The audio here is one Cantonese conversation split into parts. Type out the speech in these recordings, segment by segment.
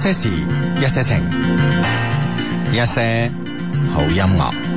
一些事，一些情，一些好音樂。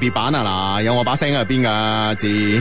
別版啊嗱，有我把聲喺入邊噶，知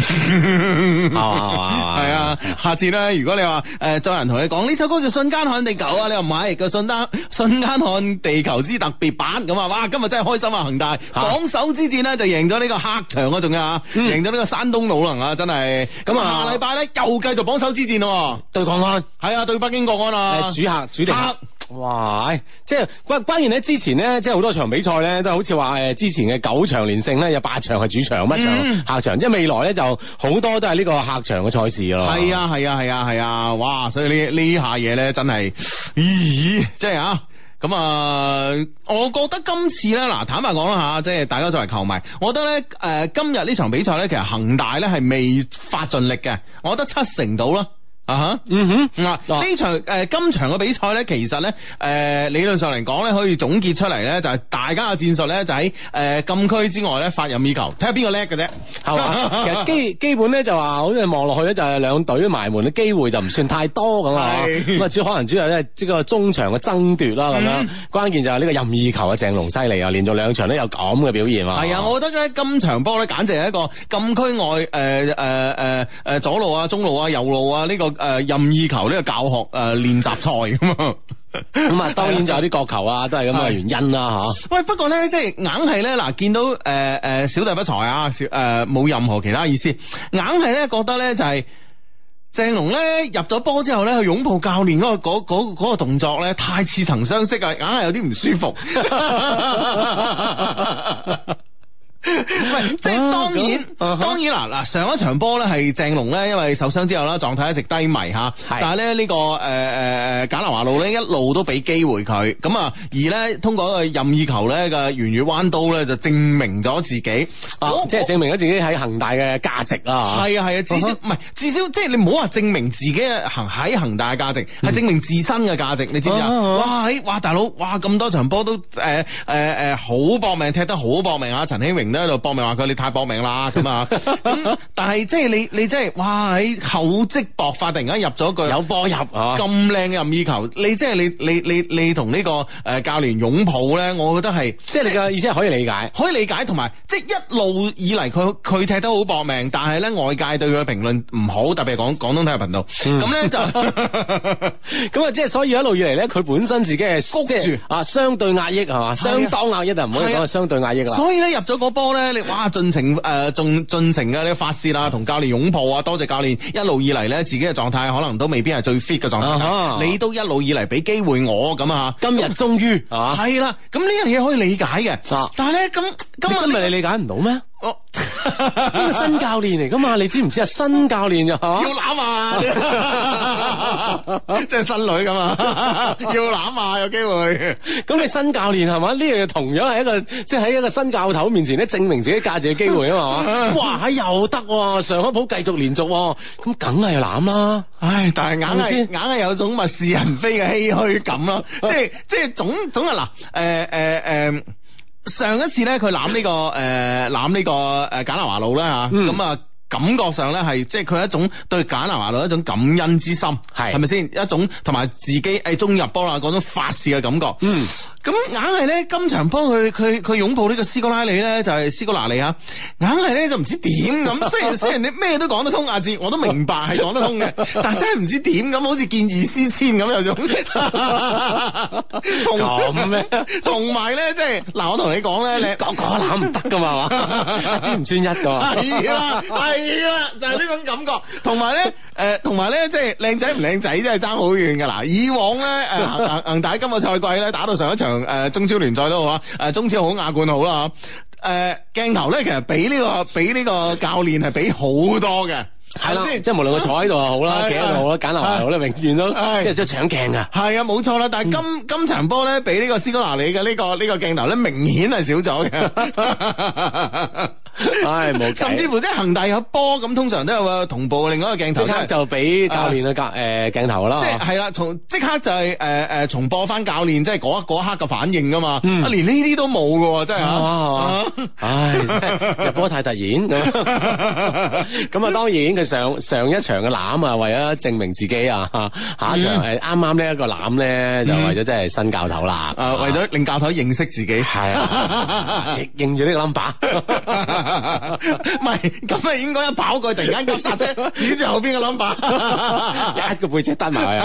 係啊，下次咧，如果你話誒再有人同你講呢首歌叫瞬間看地球啊，你又唔係個瞬間瞬間看地球之特別版咁啊，哇，今日真係開心啊，恒大榜首之戰呢，就贏咗呢個客場啊，仲有啊，贏咗呢個山東魯能啊，真係咁啊，下個禮拜咧又繼續榜首之戰喎，對國安係啊，對北京國安啊，主客主客。主哇！即係關關鍵咧，之前咧，即係好多場比賽咧，都好似話誒，之前嘅九場連勝咧，有八場係主場，乜場客場？嗯、即係未來咧，就好多都係呢個客場嘅賽事咯。係啊，係啊，係啊，係啊，啊，啊，啊！哇！所以呢呢下嘢咧，真係，即係啊！咁、嗯、啊、呃，我覺得今次咧，嗱，坦白講啦吓，即係大家作為球迷，我覺得咧，誒、呃，今日呢場比賽咧，其實恒大咧係未發盡力嘅，我覺得七成到啦。啊哈，嗯哼，嗱呢場誒、呃、今場嘅比賽咧，其實咧誒、呃、理論上嚟講咧，可以總結出嚟咧，就係、是、大家嘅戰術咧就喺、是、誒、呃、禁區之外咧發任意球，睇下邊個叻嘅啫，係嘛？ 其實基基本咧就話，好似望落去咧就係兩隊埋門嘅機會就唔算太多咁咯，咁啊主可能主要咧即個中場嘅爭奪啦咁樣，關鍵就係呢個任意球啊鄭龍犀利啊，連續兩場都有咁嘅表現啊！係啊，我覺得咧今場波咧簡直係一個禁區外誒誒誒誒左路啊、中路啊、右路啊呢、這個。誒、呃，任意球呢個教學誒、呃、練習賽咁啊，咁啊、 嗯，當然就有啲角球啊，都係咁嘅原因啦、啊、吓。喂 是，不過咧，即係硬係咧，嗱，見到誒誒、呃呃，小弟不才啊，誒冇、呃、任何其他意思，硬係咧覺得咧就係鄭龍咧入咗波之後咧，擁抱教練嗰、那個嗰、那個動作咧，太似曾相識啊，硬係有啲唔舒服。 唔 係，即係當然，啊啊、當然啦，嗱，上一場波咧係鄭龍咧，因為受傷之後啦，狀態一直低迷吓，是但係、這、咧、個呃、呢個誒誒誒簡拿華路咧一路都俾機會佢，咁啊而咧通過個任意球咧個圓月彎刀咧就證明咗自己，啊、即係證明咗自己喺恒大嘅價值啊，係啊係啊，啊，至少唔係至少即係你唔好話證明自己行喺恒大嘅價值，係、嗯、證明自身嘅價值，你知唔知啊哈哇？哇，誒，哇大佬，哇咁多場波都誒誒誒好搏命，踢得好搏命啊，陳興榮。都喺度搏命話，佢你太搏命啦咁啊！但係即係你你即係哇喺厚積薄發，突然間入咗句有波入咁靚嘅任意球，你即係你你你你同呢個誒教練擁抱咧，我覺得係即係你嘅，意思係可以理解，可以理解，同埋即係一路以嚟佢佢踢得好搏命，但係咧外界對佢嘅評論唔好，特別係講廣東體育頻道咁咧就咁啊！即係所以一路以嚟咧，佢本身自己係即係啊相對壓抑係嘛，相當壓抑就唔好講係相對壓抑啦。所以咧入咗嗰波。多咧、啊呃，你哇、啊，盡情誒，盡盡情嘅呢個發泄啦，同教練擁抱啊！多謝教練一路以嚟咧，自己嘅狀態可能都未必係最 fit 嘅狀態。啊啊、你都一路以嚟俾機會我咁那啊，今日終於嚇係啦。咁呢樣嘢可以理解嘅，啊、但係咧咁今日你，你理解唔到咩？ 哦，呢 個新教練嚟噶嘛？你知唔知啊？新教練就， 要攬啊！即係新女噶嘛，要攬啊！有機會。咁 你新教練係嘛？呢樣嘢、這個、同樣係一個，即係喺一個新教頭面前咧，證明自己價值嘅機會啊嘛。 哇，吓又得喎、啊，上海普繼續連續、啊，咁梗係攬啦。唉，但係硬先，硬係有種物是人非嘅唏嘘感啦、啊。即係即係總總係嗱，誒誒誒。嗯呃呃嗯嗯上一次咧、這個，佢攬呢個誒，攬呢個誒簡南華路啦，吓，咁啊感覺上咧係即係佢一種對簡南華路一種感恩之心，係係咪先？一種同埋自己誒，中意入波啦，嗰種發洩嘅感覺，嗯。咁硬係咧，今場幫佢佢佢擁抱呢個斯哥拉里咧，就係、是、斯哥拿里啊！硬係咧就唔知點咁，雖然雖然你咩都講得通，阿志我都明白係講得通嘅，但真係唔知點咁，好似見異思遷咁有種。咁 咩同？同埋咧，即係嗱，我同你講咧，你講講攬唔得噶嘛， 算嘛，唔專一噶。係啊，係啊，就係、是、呢種感覺。同埋咧，誒、呃，同埋咧，即係靚仔唔靚仔，真係爭好遠噶嗱。以往咧，誒、呃，恒大今個賽季咧，打到上一場。誒、呃，中超聯賽都好啊，誒、呃，中超好，亞冠好啦，吓、呃，誒，鏡頭咧，其實比呢個、這個比呢個教練係比好多嘅。係啦，即係無論佢坐喺度啊好啦，企喺度好啦，簡拿利好啦，永遠都，即係即係搶鏡噶。係啊，冇錯啦。但係今今場波咧，俾呢個斯哥拿里嘅呢個呢個鏡頭咧，明顯係少咗嘅。唉，冇。甚至乎即係恒大有波咁，通常都有個同步嘅另外一個鏡頭，即刻就俾教練嘅格誒鏡頭啦。即係係啦，從即刻就係誒誒重播翻教練即係嗰一刻嘅反應噶嘛。嗯。連呢啲都冇嘅，真係唉，入波太突然。咁啊，當然。上上一場嘅攬啊，為咗證明自己啊，下一場係啱啱呢一個攬咧，就為咗即係新教頭啦。誒，為咗令教頭認識自己，係認住呢個 number。唔係，咁啊應該一跑過去，突然間急剎啫，指住後邊嘅 number，一個背脊蹬埋，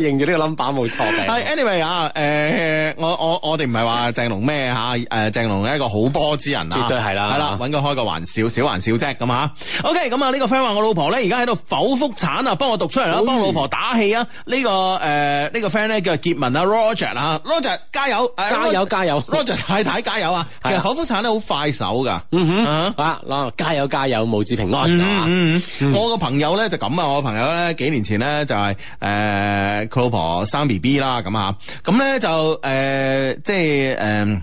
認住呢個 number 冇錯嘅。係 anyway 啊，誒，我我我哋唔係話鄭龍咩嚇，誒，鄭龍係一個好波之人啦，絕對係啦，係啦，搵佢開個玩笑，小玩笑啫咁啊。OK，咁啊呢個 friend 話。我老婆咧而家喺度剖腹產啊，幫我讀出嚟啦，幫、嗯、老婆打氣，這個呃這個，啊！呢個誒呢個 friend 咧叫傑文啊，Roger 啊 Roger 加油，加油加油 Roger，Roger 太太加油啊！啊其實剖腹產咧好快手噶，嗯哼啊，嗱、啊、加油加油，母子平安啊！嗯嗯嗯，我個朋友咧就咁啊，我個朋友咧幾年前咧就係誒佢老婆生 B B 啦，咁啊，咁咧就誒、呃、即係誒。呃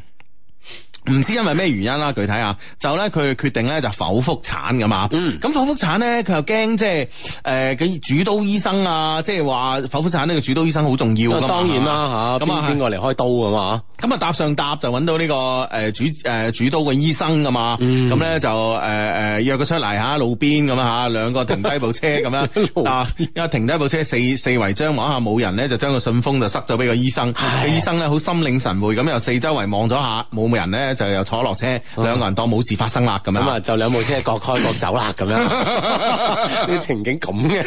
唔知因為咩原因啦，具體啊，就咧佢決定咧就剖、是、腹產㗎嘛。嗯。咁剖腹產咧，佢又驚即係誒嘅主刀醫生啊，即係話剖腹產呢個主刀醫生好重要咁。當然啦嚇，咁啊邊個嚟開刀㗎嘛？咁啊，搭上搭就揾到呢、這個誒、呃、主誒、呃、主刀嘅醫生啊嘛，咁咧、嗯、就誒、呃、誒、呃、約佢出嚟嚇，路邊咁啊嚇，兩個停低部車咁 樣啊，因為 停低部車四四圍張望下冇人咧，就將個信封就塞咗俾個醫生，個醫吧生咧好心領神會咁，又四周圍望咗下冇冇人咧，就又坐落車，兩個人當冇事發生啦，咁啊 就兩部車各開各走啦，咁樣啲 情景咁嘅，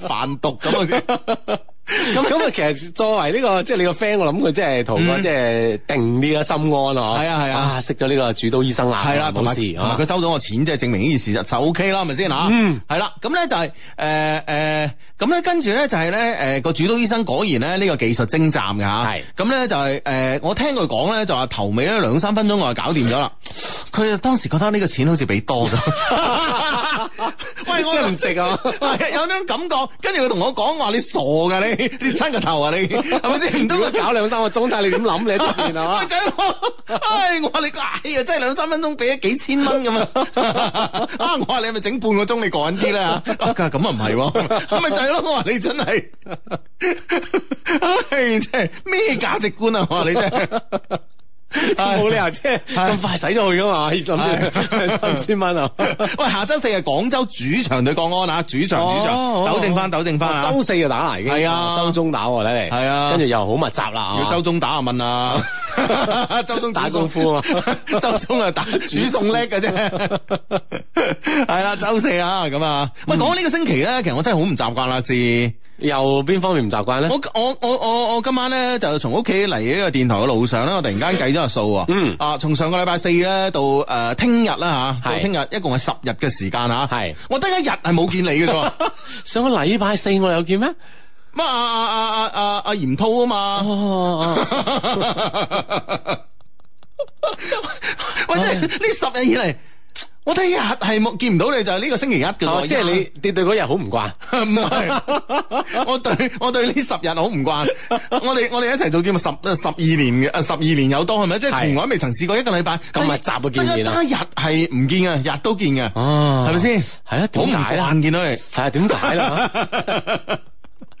販 毒咁啊！ 咁咁啊，其實作為呢、這個即係、就是、你個 friend，我諗佢即係同我即係定呢個啦，心安嗬。係啊係啊，啊識咗呢個主刀醫生啊，係啦冇事。佢和、啊、收到我錢，即係證明呢件事就、嗯、就 OK、是、啦，係咪先啊？嗯、呃，係啦、就是。咁咧就係誒誒，咁咧跟住咧就係咧誒個主刀醫生果然咧呢個技術精湛㗎嚇。係的。咁咧、嗯、就係、是、誒、呃、我聽佢講咧就話頭尾咧兩三分鐘我就搞掂咗啦。佢當時覺得呢個錢好似俾多咗。 喂，我唔值啊！ 有種感覺，跟住佢同我講話你傻㗎你。你撐個頭啊！你係咪先？唔通搞兩三個鐘？睇 你點諗你，、啊 哎、你？得、哎。然係嘛？咪我話你個矮啊，真係兩三分鐘俾咗幾千蚊咁啊！ 啊，我話你咪整半個鐘你趕啲啦咁啊，咁啊唔係，咁咪就係咯！我話你真係，唉，真係咩價值觀啊！我話你真係。冇理由，即係咁快使咗去噶嘛，三千蚊啊！喂，下周四係廣州主場對國安啊，主場主場，鬥正翻鬥正翻，周四就打嚟，係啊，周中打，睇嚟係啊，跟住又好密集啦，要周中打下問啊，周中打功夫啊，周中啊打主送叻嘅啫，係啦，周四啊，咁啊，喂，講呢個星期咧，其實我真係好唔習慣啦，先。又邊方面唔習慣咧？我我我我我今晚咧就從屋企嚟呢個電台嘅路上咧，我突然間計咗個數喎。嗯。啊，從上個禮拜四咧到誒聽日啦。吓、呃啊，到聽日一共係十日嘅時間吓、啊，係是。我得一日係冇見你嘅啫 上個禮拜四我有見咩？乜？啊啊啊啊啊！阿嚴滔啊，啊，啊，啊嘛。或者呢十日以嚟。我第一日係冇見唔到你，就係呢個星期一嘅，即係你跌對嗰日好唔慣。唔係，我對我對呢十日好唔慣。我哋我哋一齊做節目十十二年嘅，啊十二年有多係咪？即係從來未曾試過一個禮拜咁密集嘅見面啦。但日係唔見嘅，日都見嘅，係咪先？係啊，好唔慣見到你。係啊，點解啦？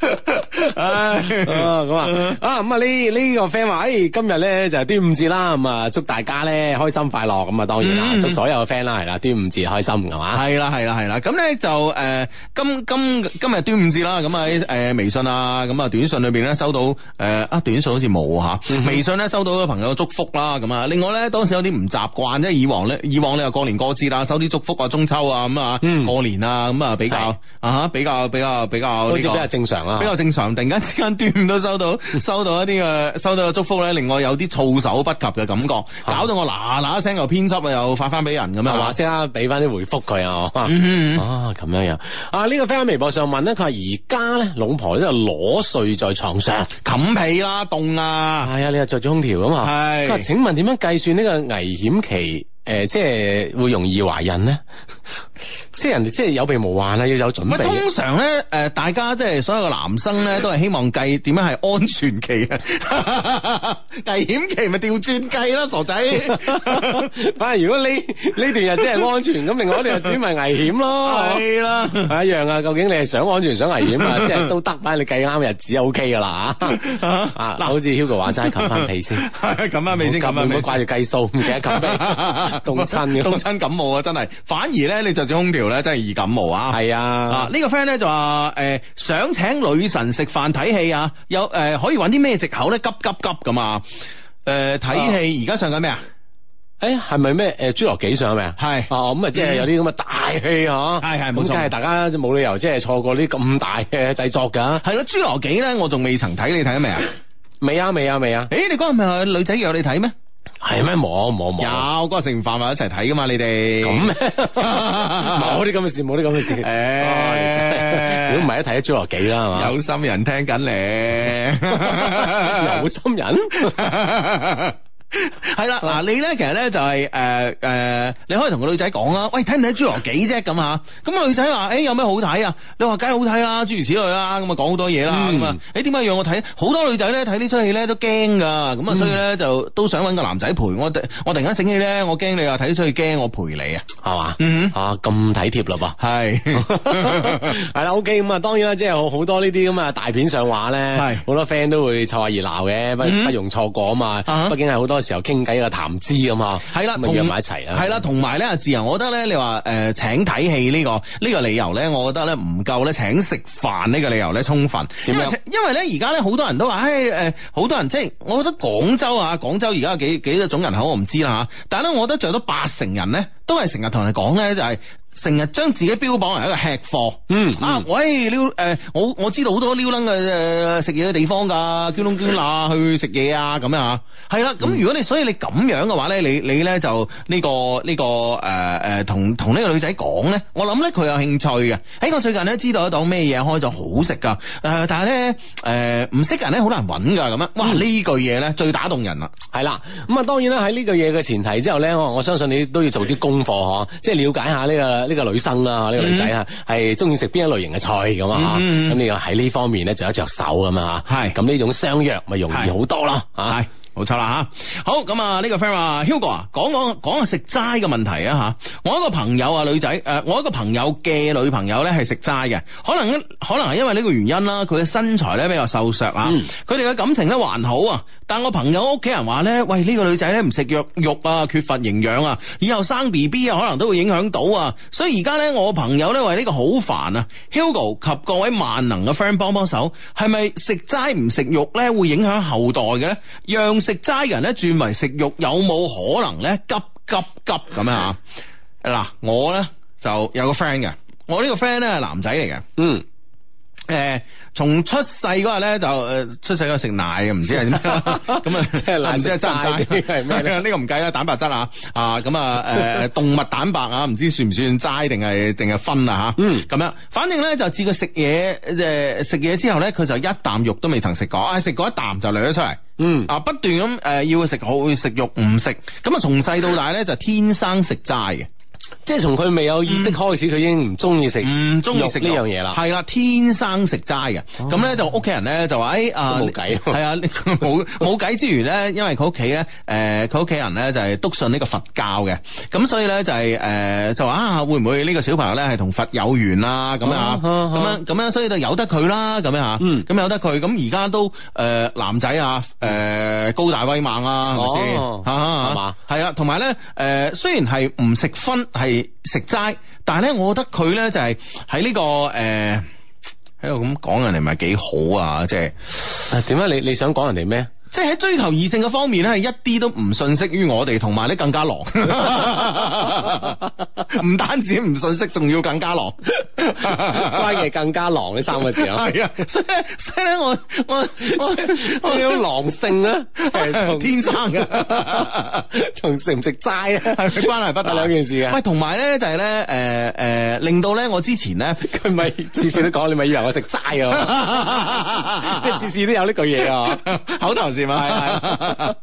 咁 啊，啊咁啊，呢呢個 friend 話，誒，今日咧就係端午節啦，咁啊，祝大家咧開心快樂，咁啊，啊 hing，當然啦，hmm mm、祝所有嘅 friend 啦，係啦，端午節開心，係嘛？係啦，係啦，係啦，咁咧就誒，今今今日端午節啦，咁啊，誒、欸、微信啊，咁啊短信裏邊咧收到誒啊短信好似冇吓，微信咧收到咗朋友祝福啦，咁啊，另外咧當時有啲唔習慣，即係以往咧，以往你又過年過節啊，收啲祝福啊，úc, 中秋啊，咁啊，過年啊，咁、嗯、啊 sind 比較啊，比較比較比較，比較, 比較正常.比較正常，突然間之間端午都收到收到一啲嘅收到嘅祝福咧，令我有啲措手不及嘅感覺，搞到我嗱嗱聲又編輯啊，懶懶又發翻俾人咁、啊、樣，即刻俾翻啲回覆佢啊，嗯嗯嗯啊！啊，咁樣樣啊！呢個 friend 喺微博上問咧，佢話而家咧老婆都係裸睡在床上，冚被啦，凍啊！係啊、哎，你又着住空調啊嘛！佢話是請問點樣計算呢個危險期？誒、呃，即係會容易懷孕咧？即係人哋，即係有備無患啊！要有準備。咪通常咧，誒，大家即係所有嘅男生咧，都係希望計點樣係安全期啊， 危險期咪調轉計啦，傻仔。反 而如果你呢段日即係安全，咁另外一段日子咪危險咯，係啦、 哦，係、啊、一樣啊。究竟你係想安全想危險啊？即係都得，反正你計啱日子 O K 噶啦啊。像啊，嗱 像、啊，好似 Hugo 話齋，冚翻被先。咁啊，未先啊。唔好唔好掛住計數，唔記得冚被，凍親嘅。凍親 天的 天的 感冒啊，真係、啊。反而咧， 你就。空調咧真係易感冒啊！係啊，呢個 friend 咧就話誒想請女神食飯睇戲啊，有誒可以揾啲咩藉口咧？急急急咁啊！誒睇戲而家上緊咩啊？誒係咪咩誒《侏羅紀》上緊啊？係哦咁啊，即係有啲咁嘅大戲啊！係係冇錯，梗係大家冇理由即係錯過呢咁大嘅製作噶。係咯，《侏羅紀》咧我仲未曾睇，你睇咗未啊？未啊未啊未啊！誒，你嗰日咪係女仔約你睇咩？係咩？冇冇冇，摸摸摸摸有嗰日食完飯咪一齊睇噶嘛？你哋咁咩？冇啲咁嘅事，冇啲咁嘅事。誒、欸，如果唔係一睇《侏羅紀》啦，係嘛？有心人聽緊你， 有心人。 係啦，嗱你咧，其實咧就係誒誒，你可以同個女仔講啦，喂，睇唔睇侏羅紀啫咁吓，咁女仔話誒有咩好睇啊？你話梗係好睇啦，諸如此類啦，咁啊講好多嘢啦，咁啊誒點解讓我睇？好多女仔咧睇呢出戲咧都驚噶，咁啊所以咧就都想揾個男仔陪我。我突然間醒起咧，我驚你又睇咗出戲驚，我陪你啊，係嘛？嗯哼，啊咁體貼啦噃，係係啦，OK 咁啊，當然啦，即係好多呢啲咁啊大片上畫咧，係好多 friend 都會湊下熱鬧嘅，不不容錯過啊嘛，畢竟係好多。時候傾偈啊，談資啊嘛，係啦約埋一齊啦，係啦同埋咧自由，我覺得咧你話誒請睇戲呢個呢個理由咧，我覺得咧唔夠咧請食飯呢個理由咧充分，因為樣因為咧而家咧好多人都話誒誒好多人即係我覺得廣州啊廣州而家有幾幾多種人口我唔知啦吓，但係咧我覺得仲有八成人咧都係成日同人講咧就係、是。成日將自己標榜為一個吃貨，嗯，嗯啊，喂，僆誒，我我知道好多撩撚嘅誒食嘢嘅地方㗎，捐窿捐罅去食嘢啊，咁樣啊，係啦，咁如果你所以你咁樣嘅話咧，你你咧就呢、呢個呢、呢個誒誒、呃、同同呢個女仔講咧，我諗咧佢有興趣嘅，喺、欸、我最近咧知道一檔咩嘢開咗好食㗎，誒、呃，但係咧誒唔識人咧好難揾㗎咁樣，哇，嗯、句呢句嘢咧最打動人啦，係啦，咁啊當然啦喺呢句嘢嘅前提之後咧，我相信你都要做啲功課呵，即係、即係、了解下呢、呢個。呢個女生啦、啊，呢、這個女仔啊，係中意食邊一類型嘅菜咁啊？吓、mm，咁你話喺呢方面咧，就一着手咁啊？吓，係，咁呢種相約咪容易好多啦，係。冇錯啦吓，好咁啊！呢個 friend 話，Hugo 啊，講講講下食齋嘅問題啊吓。我一個朋友啊，女仔，誒，我一個朋友嘅女朋友呢，係食齋嘅，可能可能係因為呢個原因啦，佢嘅身材呢比較瘦削啊。佢哋嘅感情呢還好啊，但我朋友屋企人話呢，喂，呢個女仔呢唔食肉肉啊，缺乏營養啊，以後生 B B 啊可能都會影響到啊。所以而家呢，我朋友呢，為呢個好煩啊，Hugo 及各位萬能嘅 friend 幫幫手，係咪食齋唔食肉呢？會影響後代嘅呢？讓食齋人咧轉為食肉有冇可能咧？急急急咁樣吓，嗱， 我咧就有個 friend 嘅，我呢個 friend 咧係男仔嚟嘅，嗯。誒，從出世嗰日咧就誒，出世嗰日食奶嘅，唔知係點，咁 啊不 ins hip ness，即係奶即係齋係咩呢個唔計啦，蛋白質啊，啊，咁啊，誒、呃，動物蛋白啊，唔知算唔算齋定係定係葷啊吓，咁樣，反正咧就自佢食嘢，誒，食嘢之後咧，佢就一啖肉都未曾食過，啊， 呃、食過一啖就掠咗出嚟，嗯，啊，不斷咁誒要食好食肉唔食，咁啊，從細到大咧就天生食齋嘅。即係從佢未有意識開始，佢已經唔中意食唔中意食呢樣嘢啦。係啦，天生食齋嘅。咁咧就屋企人咧就話誒，啊，冇計，係啊，冇冇計之馀咧，因為佢屋企咧，誒，佢屋企人咧就係篤信呢個佛教嘅。咁所以咧就係誒，就話啊，會唔會呢個小朋友咧係同佛有緣啊？咁樣，咁樣咁樣，所以就由得佢啦。咁樣吓，咁由得佢。咁而家都誒男仔啊，誒高大威猛啊，係咪先係嘛，係啊。同埋咧，誒雖然係唔食葷。係食齋，但係咧，我覺得佢咧就係喺呢個誒，喺度咁講人哋唔係幾好啊！即係，誒點解你你想講人哋咩？即係喺追求異性嘅方面咧，係一啲都唔遜色於我哋，同埋咧更加狼，唔 單止唔遜色，仲要更加狼， 關鍵更加狼呢三個字啊！係啊，所以所以咧，我我我我呢狼性咧係同天生嘅，同食唔食齋咧係關係不大兩件事嘅。喂，同埋咧就係、是、咧，誒、呃、誒、呃、令到咧我之前咧佢咪次次都講你咪以為我食齋啊，即係次次都有呢句嘢啊， 口頭。係係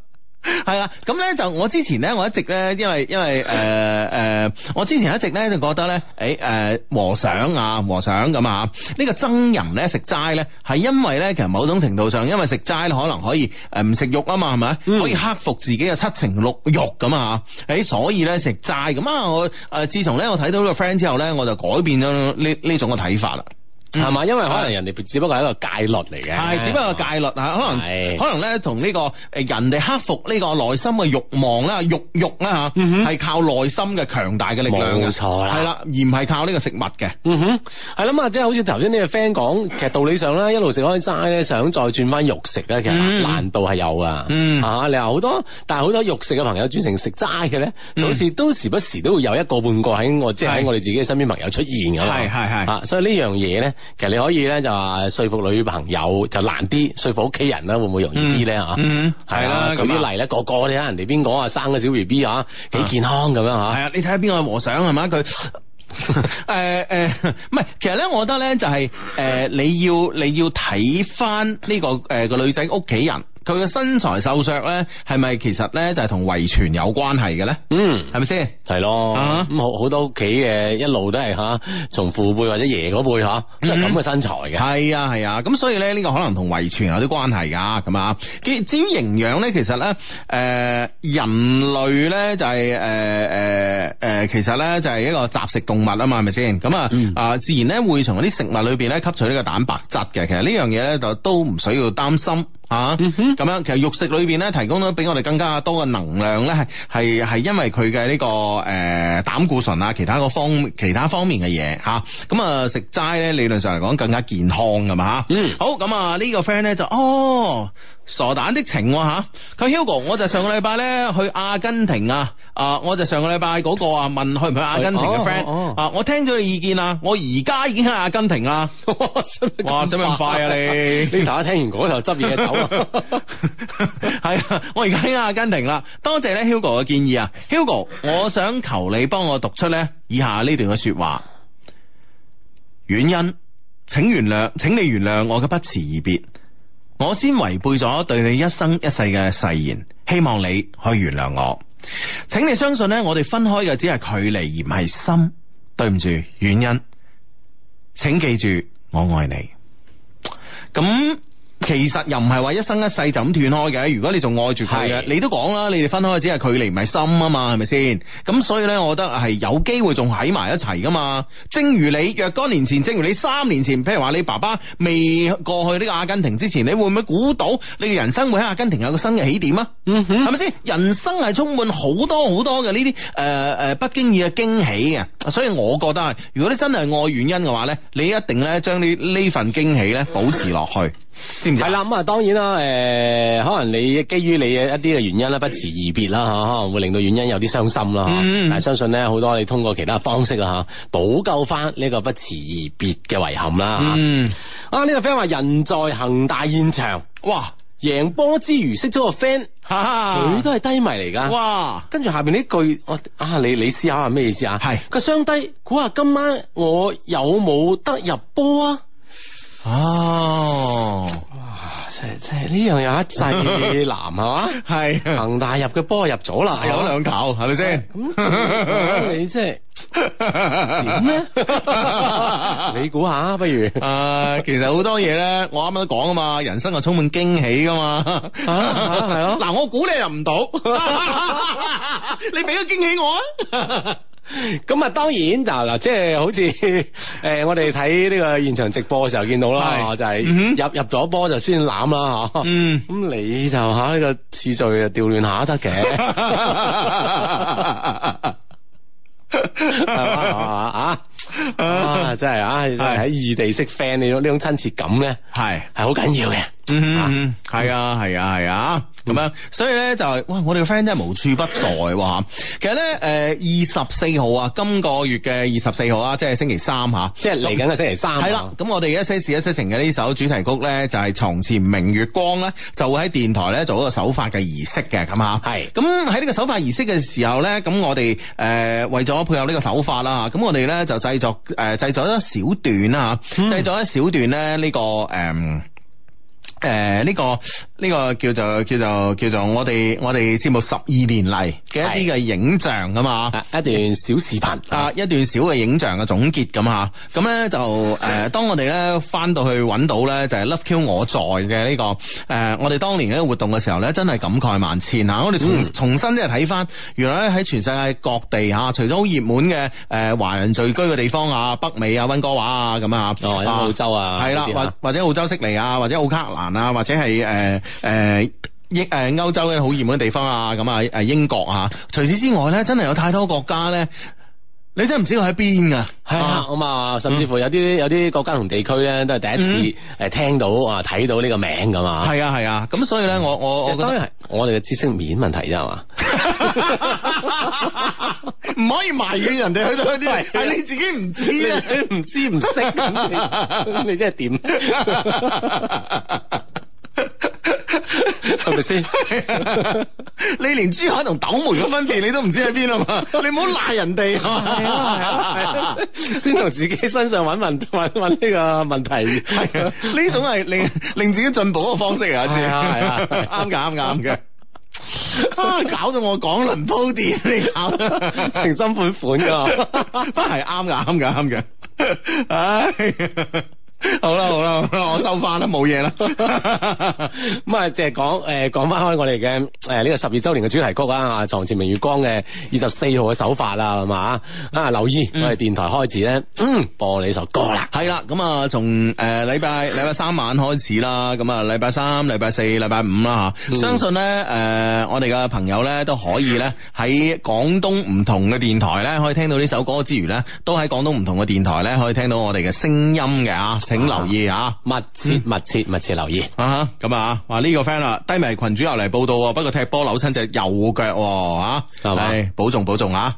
係啦，咁咧就我之前咧，我一直咧，因為因為誒誒，我之前一直咧就覺得咧，誒誒，和尚啊，和尚咁啊，呢個僧人咧食齋咧，係因為咧，其實某種程度上，因為食齋咧，可能可以誒唔食肉啊嘛，係咪？可以克服自己嘅七情六欲咁啊？誒，所以咧食齋咁啊，我誒，自從咧我睇到呢個 friend 之後咧，我就改變咗呢呢種嘅睇法啦。係嘛？因為可能人哋只不過係一個戒律嚟嘅，係只不過戒律吓，可能可能咧同呢個誒人哋克服呢個內心嘅慾望啦，肉慾啦吓，係靠內心嘅強大嘅力量，冇錯啦，係啦，而唔係靠呢個食物嘅，嗯哼，係啦嘛，即係好似頭先呢個 friend 講，其實道理上咧，一路食開齋咧，想再轉翻肉食咧，其實難度係有噶，吓，你話好多，但係好多肉食嘅朋友轉成食齋嘅咧，就好似都時不時都會有一個半個喺我即係喺我哋自己嘅身邊朋友出現噶啦，係係係，啊，所以呢樣嘢咧。其實你可以咧就話說服女朋友就難啲，說服屋企人咧會唔會容易啲咧吓？係啦，舉例咧個個你睇人哋邊個啊生個小 B B 啊，幾健康咁樣吓。係啊，啊，你睇下邊個和尚係嘛佢？誒誒，唔係、 呃呃，其實咧我覺得咧就係、是、誒、呃，你要你要睇翻呢個誒、呃那個女仔屋企人。佢嘅身材瘦削咧，係咪其實咧就係同遺傳有關係嘅咧？嗯，係咪先？係咯的，咁好好多屋企嘅一路都係吓，從父輩或者爺嗰輩吓，都係咁嘅身材嘅、嗯。係啊係啊，咁所以咧呢個可能同遺傳有啲關係噶，咁啊。至於營養咧，其實咧，誒、呃、人類咧就係誒誒誒，其實咧就係一個雜食動物啊嘛，係咪先？咁啊啊，自然咧會從嗰啲食物裏邊咧吸取呢個蛋白質嘅。其實呢樣嘢咧就都唔需要擔心。吓，咁樣、嗯、其實肉食裏邊咧，提供咗俾我哋更加多嘅能量咧，係系係因為佢嘅呢個誒膽、呃、固醇啊，其他個方其他方面嘅嘢吓，咁啊、嗯、食齋咧理論上嚟講更加健康㗎嘛，啊、嗯，好，咁啊呢個 friend 咧就哦。傻蛋的情吓、啊，佢 Hugo，我就上個禮拜咧去阿根廷啊，啊、呃，我就上個禮拜嗰個啊問去唔去阿根廷嘅 friend，哦哦、啊，我聽咗你意見、哦哦、啊，我而家已經喺阿根廷啦，哇，咁樣快啊你，你大家聽完嗰頭執嘢走，啊。係啊，我而家喺阿根廷啦，多謝咧 Hugo 嘅建議啊 ，Hugo，我想求你幫我讀出咧以下呢段嘅說話，婉欣，請原諒，請你原諒我嘅不辭而別。我先違背咗對你一生一世嘅誓言，希望你可以原諒我，請你相信咧，我哋分開嘅只係距離而唔係心，對唔住，原因，請記住我愛你，咁。其實又唔係話一生一世就咁斷開嘅。如果你仲愛住佢嘅，你都講啦。你哋分開只係距離唔係心啊嘛，係咪先？咁所以呢，我覺得係有機會仲喺埋一齊噶嘛。正如你若干年前，正如你三年前，譬如話你爸爸未過去呢個阿根廷之前，你會唔會估到你嘅人生會喺阿根廷有個新嘅起點啊？嗯哼，係咪先？人生係充滿好多好多嘅呢啲誒誒不經意嘅驚喜啊。所以我覺得啊，如果你真係愛原因嘅話呢，你一定呢將呢呢份驚喜呢保持落去。係啦，咁啊， 當然啦，誒，可能基於你基於你嘅一啲嘅原因咧，不辭而別啦，吓，可能會令到原因有啲傷心啦。嗯，但係相信咧，好多你通過其他方式、嗯、啊，吓補救翻呢個不辭而別嘅遺憾啦。嗯，啊呢個 friend 話人在恒大現場，哇，贏波之餘識咗個 friend，吓，佢都係低迷嚟噶，哇，跟住下面呢句，我啊，你你思考下咩意思啊？係個雙低，估下今晚我有冇得入波啊？哦，哇！即係即係呢樣有一制男係嘛？係恒 是大入嘅波入咗啦，有咗兩球係咪先？咁你即係點咧？ 你估下不如？誒、呃，其實好多嘢咧，我啱啱都講啊嘛，人生充滿驚 啊充滿驚喜噶嘛，係咯、啊。嗱、 啊，我估你入唔到， 你俾個驚喜我啊！ 咁啊，當然就嗱，即係好似誒，我哋睇呢個現場直播嘅時候見到啦，就係入入咗波就先攬啦吓。咁你就吓呢個次序啊，調亂下得嘅啊。真係啊，喺異地識 friend，呢種呢種親切感咧，係係好緊要嘅。嗯哼，係啊，係啊，係啊，咁樣，所以咧就係，哇，我哋嘅 friend 真係無處不在喎吓。其實咧，誒，二十四號啊，今個月嘅二十四號啊，即係星期三吓，即係嚟緊嘅星期三。係啦，咁我哋一些事一些情嘅呢首主題曲咧，就係床前明月光咧，就會喺電台咧做一個首發嘅儀式嘅，咁啊，係。咁喺呢個首發儀式嘅時候咧，咁我哋誒為咗配合呢個首發啦，咁我哋咧就製作誒製作咗小段啦吓，製作一小段咧呢個誒。這個嗯誒，呢個呢個叫做叫做叫做我哋我哋節目十二年嚟嘅一啲嘅影像啊嘛，一段小視頻啊，一段小嘅影像嘅總結咁吓，咁咧就誒，當我哋咧翻到去揾到咧就係 Love Q 我在嘅呢個誒，我哋當年嘅活動嘅時候咧，真係感慨萬千吓，我哋重重新即係睇翻，原來咧喺全世界各地吓，除咗好熱門嘅誒華人聚居嘅地方啊，北美啊、溫哥華啊咁啊，哦，喺澳洲啊，係啦，或或者澳洲悉尼啊，或者奧克蘭。啊，或者係誒誒英誒歐洲嘅好熱門嘅地方啊，咁啊誒英國啊，除此之外咧，真係有太多國家咧。你真係唔知佢喺邊啊！啊咁啊，甚至乎有啲有啲國家同地區咧，都係第一次誒聽到啊，睇到呢個名㗎嘛。係啊係啊！咁所以咧，我我我覺得係我哋嘅知識面問題啫嘛，唔可以埋怨人哋去到啲係你自己唔知啊，你唔知唔識，你真係點？係咪先？你連珠海同斗門嘅分別你都唔知喺邊啊嘛？你唔好賴人哋，先從自己身上揾揾揾揾呢個問題，係呢種係令令自己進步嘅方式啊，先係啊？啱嘅，啱嘅，啱嘅。搞到我講輪鋪墊，你搞，情深款款噶，係啱嘅，啱嘅，啱嘅。哎 好啦好啦，我收翻啦，冇嘢啦。咁 啊， 即係講誒，講翻開我哋嘅誒呢個十二周年嘅主題曲啊，啊，啊，床前明月光嘅二十四號嘅首發啦，係嘛啊，啊留意、嗯、我哋電台開始咧，嗯，播你首歌啦。係啦，咁、嗯、啊，從誒禮拜禮拜三晚開始啦，咁啊禮拜三、禮拜四、禮拜五啦吓，嗯、相信咧誒、呃，我哋嘅朋友咧都可以咧喺廣東唔同嘅電台咧可以聽到呢首歌之餘咧，都喺廣東唔同嘅電台咧可以聽到我哋嘅聲音嘅吓，請。留意啊！密切密切密切留意啊！咁啊，話、這、呢個 friend 啊，低迷群主又嚟報道喎，不過踢波扭親隻右腳喎，啊係吧、哎、保重保重啊！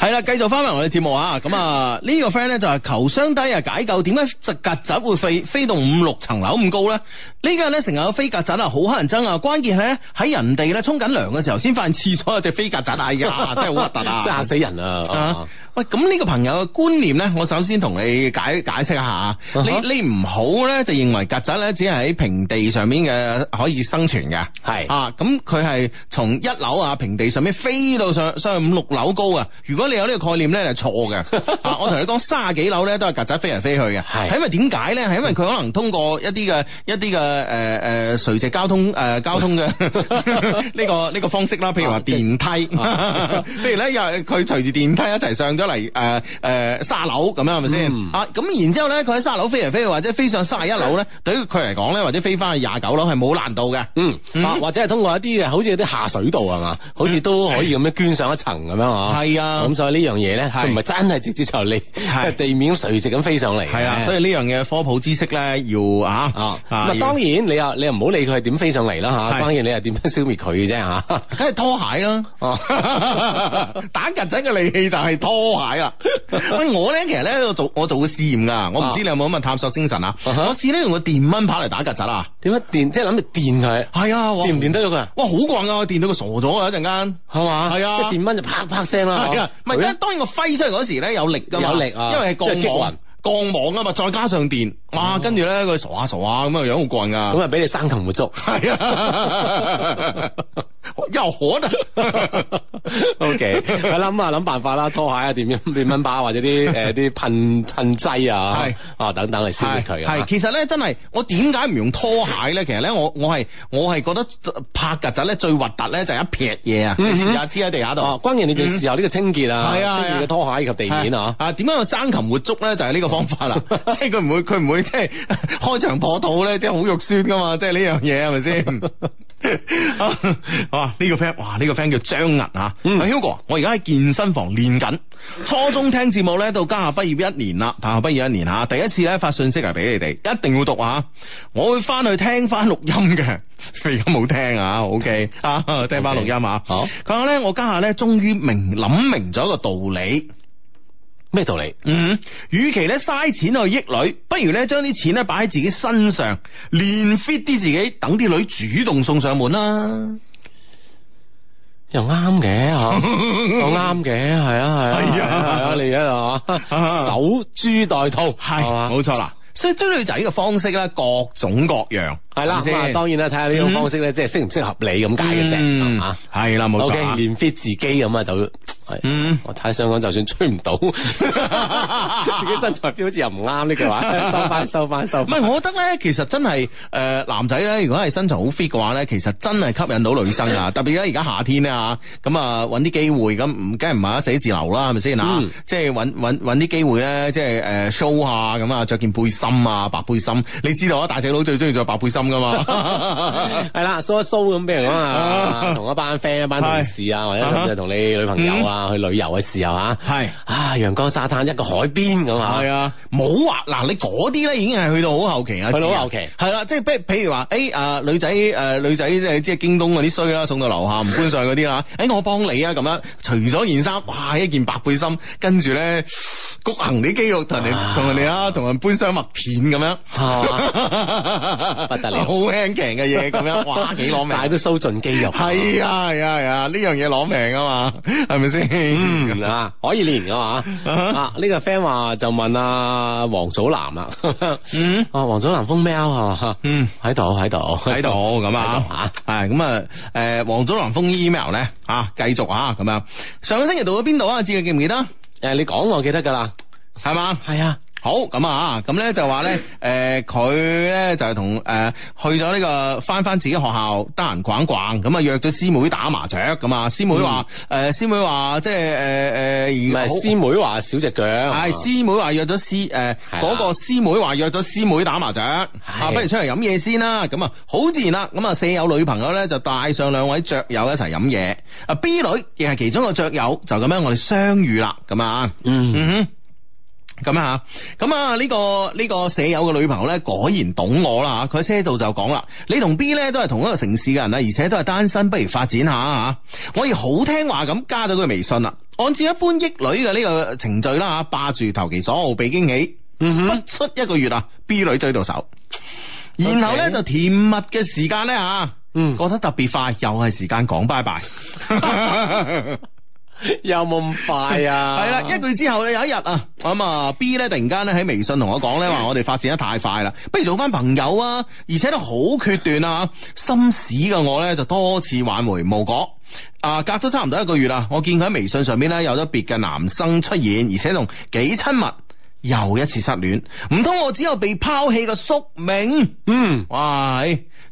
係啦、嗯，繼續翻嚟我哋節目啊！咁啊，呢個 friend 咧就係求傷低啊，解救點解隻曱甴會飛飛到五六層樓咁高咧？呢、這個咧成日有飛曱甴啊，好乞 人憎啊！關鍵係咧喺人哋咧沖緊涼嘅時候，先翻廁所有隻飛曱甴嗌嘅，真係好核突啊！真嚇死人啊！ 喂，咁呢個朋友嘅觀念咧，我首先同你解解釋一下。Uh huh. 你你唔好咧，就認為曱甴咧只係喺平地上面嘅可以生存嘅。係、uh huh. 啊，咁佢係從一樓啊平地上面飛到上上去五六樓高啊，如果你有呢個概念咧，係錯嘅。 uh huh. 啊，我同你講，卅幾樓咧都係曱甴飛嚟飛去嘅。係、uh huh.，因為點解咧？係因為佢可能通過一啲嘅一啲嘅誒誒垂直交通誒、呃、交通嘅呢、 呢個呢、呢個方式啦。譬如話電梯，譬如咧又佢隨住電梯一齊上咗。嚟誒誒沙樓咁樣係咪先啊？咁然之後咧，佢喺沙樓飛嚟飛去，或者飛上卅一樓咧，對於佢嚟講咧，或者飛翻去廿九樓係冇難度嘅。嗯，啊或者係通過一啲嘅，好似有啲下水道係嘛，好似都可以咁樣捐上一層咁樣嗬。係啊，咁所以呢樣嘢咧，佢唔係真係直接就從地地面垂直咁飛上嚟。係啊，所以呢樣嘢科普知識咧，要啊啊。當然你又你又唔好理佢係點飛上嚟啦吓。當然你又點樣消滅佢嘅啫吓。梗係拖鞋啦，打曱甴嘅利器就係拖。拖鞋啊！我咧其實咧，我做我做過試驗噶，我唔知你有冇咁嘅探索精神啊？Uh huh. 我試咧用個電蚊拍嚟打曱甴啊！點樣電？即係諗住電佢，係呀啊，電唔電得咗佢？哇，好勁啊！我電到佢傻咗啊！一陣間係嘛？係啊い，呀電蚊就啪啪聲啦。係呀呀啊，唔係，當然我揮出嗰時咧有力噶，有力啊，因為係鋼網，鋼網啊嘛，再加上電。哇！跟住咧，佢傻下、啊、傻下、啊、咁樣、啊、樣好慣噶，咁啊俾你生擒活捉，係啊，又可得。O K，我諗啊諗辦法啦，拖鞋啊點樣點蚊把，或者啲誒啲噴噴劑啊，係啊 等等嚟消滅佢。係 其實咧，真係我點解唔用拖鞋咧？其實咧，我我係我係覺得拍曱甴咧最核突咧就係一撇嘢、嗯、哼啊，黐下黐喺地下度。關鍵你哋時候呢個清潔啊，清潔嘅拖鞋以及地面啊。 啊，點解用生擒活捉咧？就係、是、呢個方法啦、啊， 即係佢唔會佢唔會。即係開場破肚咧，即係好肉酸噶嘛，即係呢樣嘢係咪先？啊，呢個 friend，哇，呢個 friend 叫張銀啊。阿 Hugo 我而家喺健身房練緊。初中聽節目咧，到家下畢業一年啦。大學畢業一年吓，啊，第一次咧發信息嚟俾你哋，一定要讀啊！我會翻去聽翻錄音嘅，你而家冇聽啊？OK，啊，聽翻錄音 Okay. 啊。好。佢話咧，我家下咧終於明諗明咗一個道理。咩道理？嗯哼，與其咧嘥錢去益女，不如咧將啲錢咧擺喺自己身上，練 fit 啲自己，等啲女主動送上門啦。又啱嘅，吓， 又啱嘅，係 啊，係啊，係啊，你啊， 守株待兔，係、啊，冇錯吧啦。所以追女仔嘅方式咧，各種各樣。係啦，咁、嗯、當然啦，睇下呢種方式咧，即係適唔適合你咁解嘅啫。吓，係啦、嗯，冇錯、fit 自己咁啊，就係。嗯、我睇想講，就算吹唔到， 自己身材標致又唔啱呢句話，收翻收翻收。唔係，我覺得咧，其實真係誒、呃，男仔咧，如果係身材好 fit 嘅話咧，其實真係吸引到女生啊。特別咧，而家夏天啊，咁啊，揾啲機會咁，唔梗係唔係喺寫字樓啦，係咪先啊？即係揾揾啲機會咧，即係誒 show 下咁啊，着件背心啊，白背心。你知道啊，大細佬最中意着白背心。 噶 嘛， 係啦，show show 咁，譬如講啊，同一班 friend、一班同事啊，是或者同你女朋友啊、嗯、去旅遊嘅時候吓，係是啊，陽光沙灘一個海邊咁啊，係啊，冇話嗱，你嗰啲咧已經係去到好後期啊，後期係啦，即係譬如譬如話，A 啊女仔誒、呃、女仔誒，即係京東嗰啲衰啦，送到樓下唔搬上嗰啲啦，誒、欸、我幫你啊咁啦，除咗件衫，哇、啊、一件白背心，跟住咧，焗行啲肌肉同你同人哋啊，同人，人，人搬箱麥片咁樣，不得了， 好輕勁嘅嘢咁樣， 哇幾攞命，啊，都收盡肌肉。係啊係啊係啊，呢樣嘢攞命啊，啊，啊嘛，係咪先？啊， 嗯，可以練噶嘛？啊，呢、 啊這個 friend 話就問阿、啊、黃祖藍啦、啊。 啊、 嗯，啊黃祖藍封 email 啊，嗯，喺度喺度喺度咁啊，吓，係咁啊，誒黃祖藍封 email 咧，吓繼續吓咁樣。上個星期到咗邊度啊？知記唔記得？誒，你講我記得噶啦，係嘛、嗯？係嗎啊。好咁啊，咁咧就話咧，誒、呃，佢咧就係同誒去咗呢、這個返返自己學校，得閒逛逛，咁啊約咗師妹打麻雀咁啊，師妹話，誒、呃，師妹話即係，誒、呃，誒、呃，唔係，師妹話少隻腳，係對吧師妹話約咗師，誒、呃，嗰個師妹話約咗師妹打麻雀，的啊，不如出嚟飲嘢先啦，咁啊，好自然啦，咁啊，四有女朋友咧就帶上兩位雀友一齊飲嘢，啊 B 女亦係其中個雀友，就咁樣我哋相遇啦，咁啊，嗯。 咁啊，咁啊呢、這個呢、這個舍友嘅女朋友呢，果然懂我啦吓，佢車度就講啦，你同 B 呢，都係同一個城市嘅人啦，而且都係單身，不如發展下吓、啊，我以好聽話咁加咗佢微信啦，按照一般益女嘅呢個程序啦吓，霸住投其所好俾驚喜，mm hmm. 不出一個月啊，B 女追到手。然後呢，Okay. 就甜蜜嘅時間呢，吓、啊，嗯，覺得特別快，又係時間講拜拜。 有冇咁快啊？係啦， 一個月之後咧，有一日啊，咁啊 B 咧突然間咧喺微信同我講咧，話我哋發展得太快啦，不如做翻朋友啊，而且都好決斷啊，心死嘅我咧就多次挽回無果，啊，隔咗差唔多一個月啦，我見佢喺微信上邊咧有咗別嘅男生出現，而且仲幾親密，又一次失戀，唔通我只有被拋棄嘅宿命？嗯，哇！.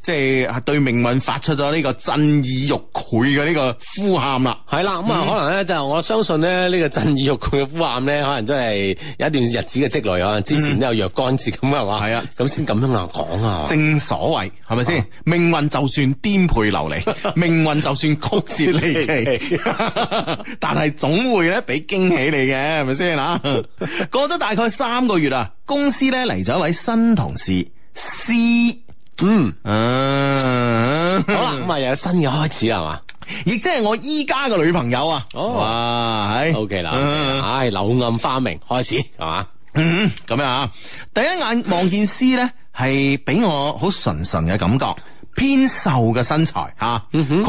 即係對命運發出咗呢個振耳欲聵嘅呢個呼喊啦，係、嗯、啦，咁啊、嗯、可能咧就我相信咧呢個振耳欲聵嘅呼喊咧，可能真係有一段日子嘅積累，啊。之前都有若干次咁嘅係嘛，係、嗯、啊，咁先咁樣講啊，啊。正所謂係咪先？命運就算顛沛流離， 命運就算曲折離奇， 但係總會咧俾驚喜你嘅，係咪先啦？ 過咗大概三個月啊，公司咧嚟咗一位新同事 C。嗯，嗯好啦，咁啊、嗯、又有新嘅開始啦，係嘛？亦即係我依家嘅女朋友啊，好啊、哦，係，OK 啦，嗯、唉，柳暗花明開始，係嘛？咁、嗯、樣啊，第一眼望見詩咧，係俾我好純純嘅感覺，偏瘦嘅身材吓，個、啊、肚，嗯、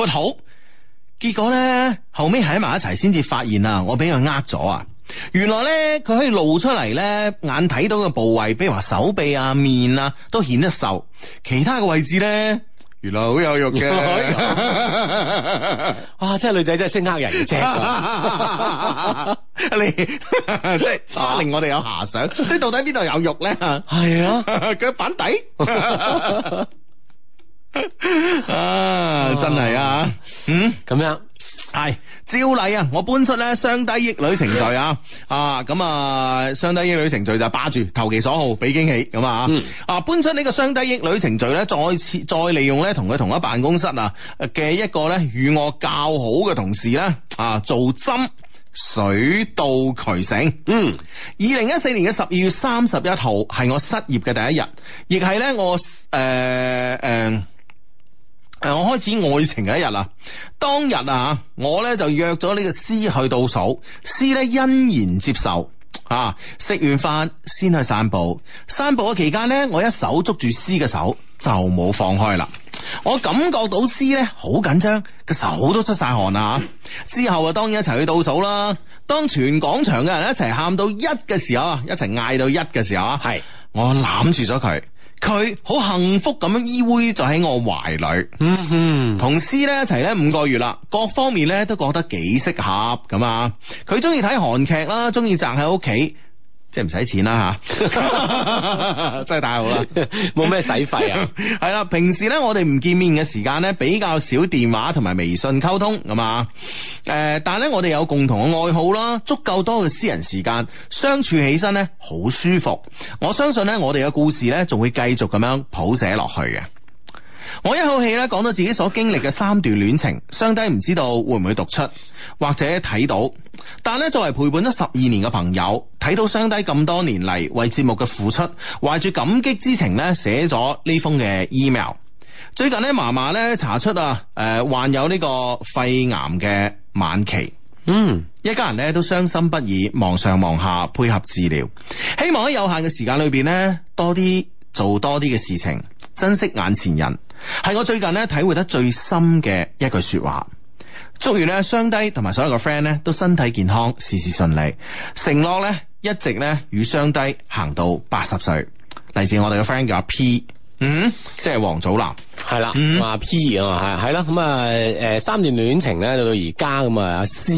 結果咧後尾喺埋一齊先至發現啊，我俾佢呃咗啊！原來咧，佢可以露出嚟咧，眼睇到嘅部位，比如話手臂啊、面啊，都顯得瘦。其他嘅位置咧，原來好有肉嘅。哇 啊，即真係女仔真係識呃人啫。 你即係令我哋有遐想，即係到底邊度有肉咧？係啊，腳板底。 啊，真係啊。嗯，咁樣。係照例啊！我搬出咧雙低益女程序、嗯、啊！啊咁啊，雙低益女程序就霸住投其所好，俾驚喜咁啊！嗯、啊，搬出呢個雙低益女程序咧，再次再利用咧同佢同一辦公室啊嘅一個咧與我較好嘅同事咧啊做針水到渠成。嗯，二零一四年嘅十二月三十一號係我失業嘅第一日，亦係咧我誒誒。呃呃呃誒，我開始愛情嘅一日啦。當日啊，我咧就約咗呢個詩去倒數，詩咧欣然接受。啊，食完飯先去散步。散步嘅期間呢，我一手捉住詩嘅手，就冇放開啦。我感覺到詩咧好緊張，個手都出晒汗啊。之後啊，當然一齊去倒數啦。當全廣場嘅人一齊喊到一嘅時候啊，一齊嗌到一嘅時候，係是我攬住咗佢。佢好幸福咁樣依偎咗喺我懷裏，嗯哼，同詩咧一齊咧五個月啦，各方面咧都覺得幾適合咁啊！佢中意睇韓劇啦，中意宅喺屋企。即係唔使錢啦吓， 真係太好啦，冇咩使費啊！係啦， 平時呢，我哋唔見面嘅時間呢，比較少電話同埋微信溝通，咁嘛？誒、呃，但係咧我哋有共同嘅愛好啦，足夠多嘅私人時間相處起身呢，好舒服。我相信呢，我哋嘅故事呢，仲會繼續咁樣譜寫落去嘅。我一口氣呢，講到自己所經歷嘅三段戀情，相低唔知道會唔會讀出？或者睇到，但係作為陪伴咗十二年嘅朋友，睇到相低咁多年嚟為節目嘅付出，懷住感激之情咧寫咗呢封嘅 email。最近咧，嫲嫲咧查出啊，誒、呃、患有呢個肺癌嘅晚期。嗯，一家人咧都傷心不已，忙上忙下配合治療，希望喺有限嘅時間裏邊咧多啲做多啲嘅事情，珍惜眼前人，係我最近咧體會得最深嘅一句說話。祝完咧，雙低同埋所有個 friend 咧都身體健康，事事順利。承諾咧，一直咧與雙低行到八十歲。嚟自我哋嘅 friend 叫阿 P，嗯，即係王祖藍。係啦，話、嗯、P 啊，係係啦，咁啊，誒，三段戀情咧，到到而家咁啊阿詩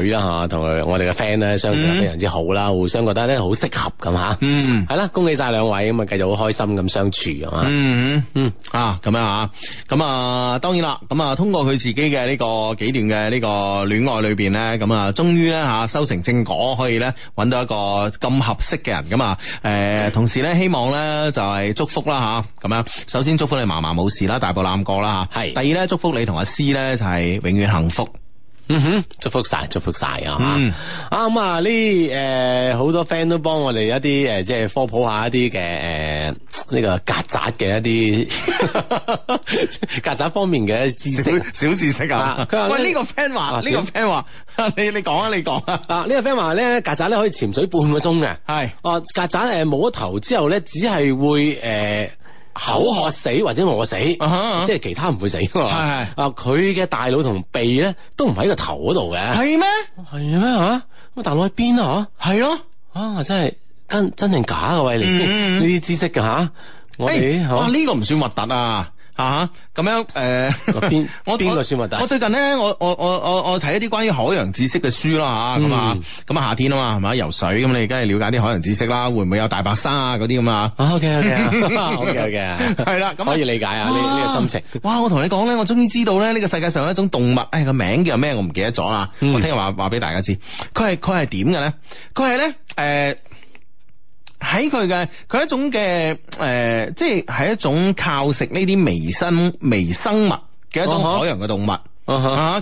女啦吓，同我哋嘅 friend 咧相處得非常之好啦，嗯、互相覺得咧好適合咁吓，嗯，係啦，恭喜晒兩位咁啊，繼續好開心咁相處啊，嗯嗯嗯，啊，咁樣吓咁啊，當然啦，咁啊，通過佢自己嘅呢個幾段嘅呢個戀愛裏邊咧，咁啊，終於咧吓修成正果，可以咧搵到一個咁合適嘅人咁啊，誒、啊，同時咧希望咧就係、是、祝福啦吓，咁、啊、樣、啊，首先祝福你嫲嫲冇事。而家大步闌過啦，係第二咧，祝福你同阿師咧，就係永遠幸福。嗯哼，祝福晒，祝福晒、嗯、啊嘛、這個。啊咁啊，呢誒好多 friend 都幫我哋一啲誒，即係科普下一啲嘅誒呢個曱甴嘅一啲曱甴方面嘅知識小，小知識啊。佢話：喂，呢、呢個 friend 話，呢個 friend 話，你你講啊，你講啊，啊。啊、呢個，呢個 friend 話咧，曱甴咧可以潛水半個鐘嘅、啊係啊。係。哦，曱甴誒冇咗頭之後咧，只係會誒。呃口渴死或者餓死，uh huh, uh huh. 即係其他唔會死。係啊，佢嘅大腦同鼻咧都唔喺個頭嗰度嘅。係咩？哦。係咩吓？咁大腦喺邊啊？吓，係咯，啊真係跟真定假噶喂？嗯？你呢啲知識噶吓。嗯啊，我哋哇呢個唔算核突啊！啊啊這個。啊咁樣誒，呃、邊我邊個生物我？我最近咧，我我我我我睇一啲關於海洋知識嘅書啦吓，咁啊咁、嗯、啊夏天啊嘛，係咪游水？咁、啊、你梗係了解啲海洋知識啦，會唔會有大白鯊啊嗰啲咁啊？OK OK，OK 好嘅，係啦，可以理解啊呢呢個心情。哇、啊啊！我同你講咧，我終於知道咧呢個世界上有一種動物，誒、哎、個名叫咩？我唔記得咗啦。嗯、我聽日話話俾大家知，佢係佢係點嘅咧？佢係咧誒。喺佢嘅佢一種嘅誒、呃，即係係一種靠食呢啲微生微生物嘅一種海洋嘅動物吓咁、uh huh. 啊！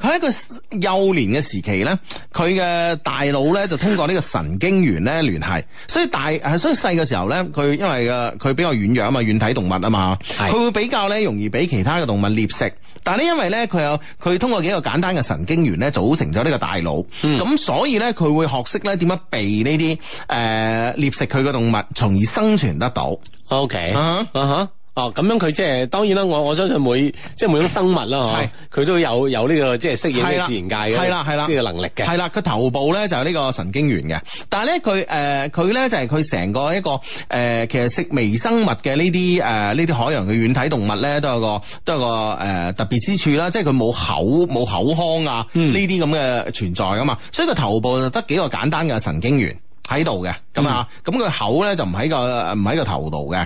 佢喺、嗯、個幼年嘅時期咧，佢嘅大腦咧就通過呢個神經元咧聯繫，所以大誒所以細嘅時候咧，佢因為誒佢比較軟弱啊嘛，軟體動物啊嘛，佢會比較咧容易俾其他嘅動物獵食。但係因為咧佢有佢通過幾個簡單嘅神經元咧，組成咗呢個大腦，咁、嗯、所以咧佢會學識咧點樣避呢啲誒獵食佢嘅動物，從而生存得到。O K，嗯哼。Huh. Uh huh. 哦，咁樣佢即係當然啦，我我相信每即係每種生物啦，嗬對，佢、啊、都有有呢、這個即係適應自然界嘅呢個能力嘅。係啦，佢頭部咧就係、是、呢個神經元嘅，但係咧佢誒佢咧就係佢成個一個誒、呃、其實食微生物嘅呢啲誒呢啲海洋嘅軟體動物咧都有個都有個誒、呃、特別之處啦，即係佢冇口冇口腔啊呢啲咁嘅存在噶嘛，所以佢頭部就得幾個簡單嘅神經元喺度嘅。咁啊，咁 佢樂、嗯嗯、口咧就唔喺個唔喺個頭度嘅，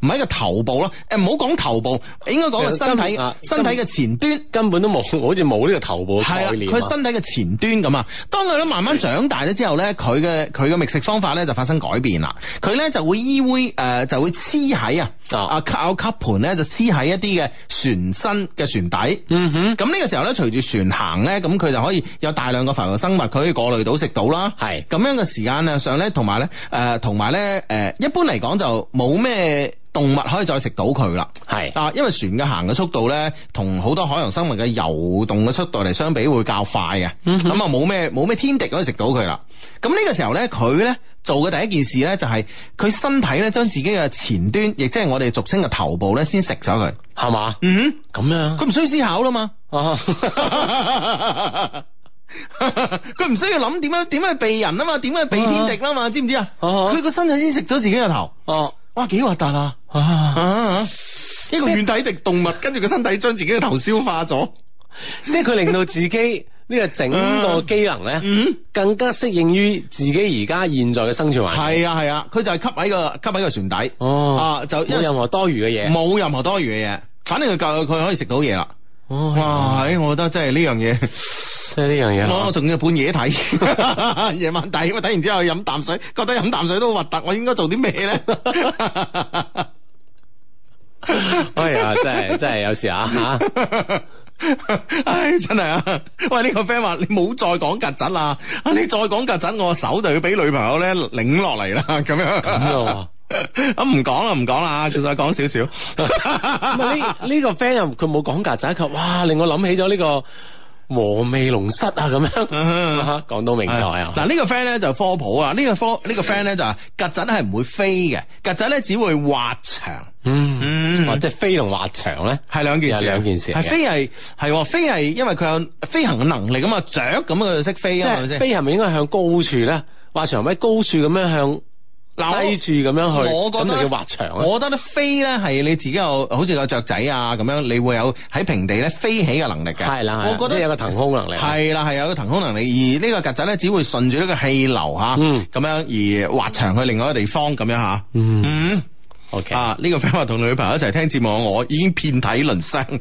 唔喺個頭部咯。誒唔好講頭部，應該講個身體，身體嘅前端根本都冇，好似冇呢個頭部。係啊，佢身體嘅前端咁啊。當佢咧慢慢長大咗之後咧，佢嘅佢嘅覓食方法咧就發生改變啦。佢咧就會依偎誒，就會黐喺、嗯、啊啊靠吸盤咧就黐喺一啲嘅船身嘅船底。嗯哼，咁呢、嗯、哼個時候咧，隨住船行咧，咁佢就可以有大量嘅浮游生物，佢可以過濾到食到啦。係咁的對樣嘅時間量上咧，同埋咧。誒，同埋咧，誒、呃，一般嚟講就冇咩動物可以再食到佢啦。係是，啊，因為船嘅行嘅速度咧，同好多海洋生物嘅游動嘅速度嚟相比會較快嘅，咁啊冇咩冇咩天敵可以食到佢啦。咁呢個時候咧，佢咧做嘅第一件事咧，就係、是、佢身體咧將自己嘅前端，亦即係我哋俗稱嘅頭部咧，先食咗佢，係嘛嗎？嗯哼，咁樣，佢唔需要思考啦嘛。 佢唔 需要諗點樣點樣避人啊嘛，點樣避天敵啦嘛，知唔知啊？佢、啊啊、個身體已經食咗自己個頭。哦、啊，哇，幾核突啊！啊啊啊一個軟體嘅動物，跟住個身體將自己個頭消化咗， 即係佢令到自己呢個整個機能咧、啊嗯，更加適應於自己而家現在嘅生存環境。係啊係啊，佢、啊啊、就係吸喺個吸喺個船底。哦、啊啊，就冇任何多餘嘅嘢，冇任何多餘嘅嘢，反正佢夠佢可以食到嘢啦。哇！哎、呦我覺得真係呢樣嘢，真係呢樣嘢。哇我仲要半夜睇，夜 晚睇，我睇完之後飲啖水，覺得飲啖水都核突。我應該做啲咩咧？ 哎呀，真係真係有時啊！吓、啊， 哎，真係啊！喂，呢、呢個 friend 話你冇再講曱甴啦，你再講曱甴，我手就要俾女朋友咧擰落嚟啦！咁樣。咁唔講啦，唔講啦，再講少少。呢 呢 個 friend 佢冇講曱甴，佢哇令我諗起咗呢個和味龍蝨啊咁樣，講 到明在 啊。嗱、這、呢個 friend 咧就科普啊，呢、這個科呢個 friend 咧就話曱甴係唔會飛嘅，曱甴咧只會滑翔。嗯，哦、嗯，即係飛同滑翔咧，係兩件事，係兩件事。係飛係係，飛係、哦、因為佢有飛行嘅能力咁嘛。雀咁佢就識飛啊，係咪飛係咪是應該向高處咧？滑翔喺高處咁樣向？嗱，低住咁樣去，咁就要滑翔。我覺得咧飛咧係你自己有，好似個雀仔啊咁樣，你會有喺平地咧飛起嘅能力嘅。係啦，係啦，我覺得即係有個騰空能力。係啦，係有個騰空能力。而呢個曱甴咧只會順住呢個氣流吓，嗯，咁樣而滑翔去另外一個地方咁樣吓。嗯，OK。啊，呢、這個 friend 話同女朋友一齊聽節目，我已經遍體鱗傷。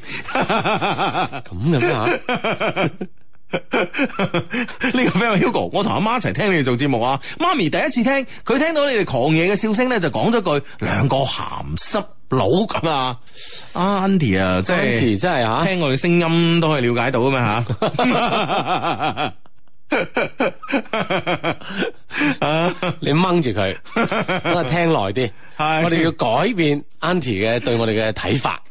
咁又咩吓？ 呢 個 friend Hugo，我同阿媽,媽一齊聽你哋做節目啊！媽咪第一次聽，佢聽到你哋狂野嘅笑聲咧，就講咗句兩個咸濕佬咁啊！阿 Andy 啊，即係，Andy 真係吓， 啊、聽我哋嘅聲音都可以了解到噶嘛吓。啊、 你掹住佢，聽 我聽耐啲。我哋要改變 Andy 嘅對我哋嘅睇法。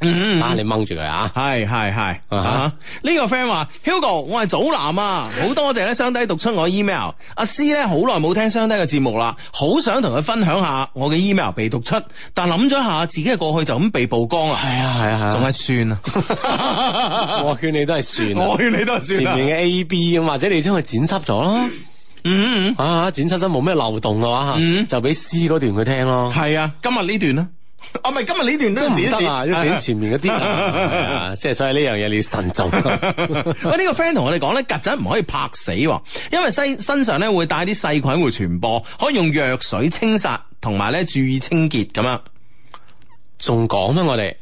嗯，啊，你掹住佢啊，係係係，啊，呢個 friend 話，Hugo，我係祖男啊，好多謝咧，雙低讀出我 email，阿 C 咧好耐冇聽雙低嘅節目啦，好想同佢分享下我嘅 email 被讀出，但諗咗下，自己嘅過去就咁被曝光啊，係啊係啊係啊，仲係算啊，我勸你都係算，我勸你都係算，前面嘅 A B 咁，或者你將佢剪輯咗咯，嗯，啊，剪輯得冇咩漏洞嘅話，嗯，就俾 C 嗰段佢聽咯，係啊，今日呢段啦。我咪、 啊、今日呢段都剪線，都剪、啊、前面嗰啲，啊，即係、 啊、所以呢樣嘢你要慎重。 喂，呢、呢個 friend 同我哋講咧，曱甴唔可以拍死，因為身身上咧會帶啲細菌會傳播，可以用藥水清殺，同埋咧注意清潔咁樣。仲講咩？我哋？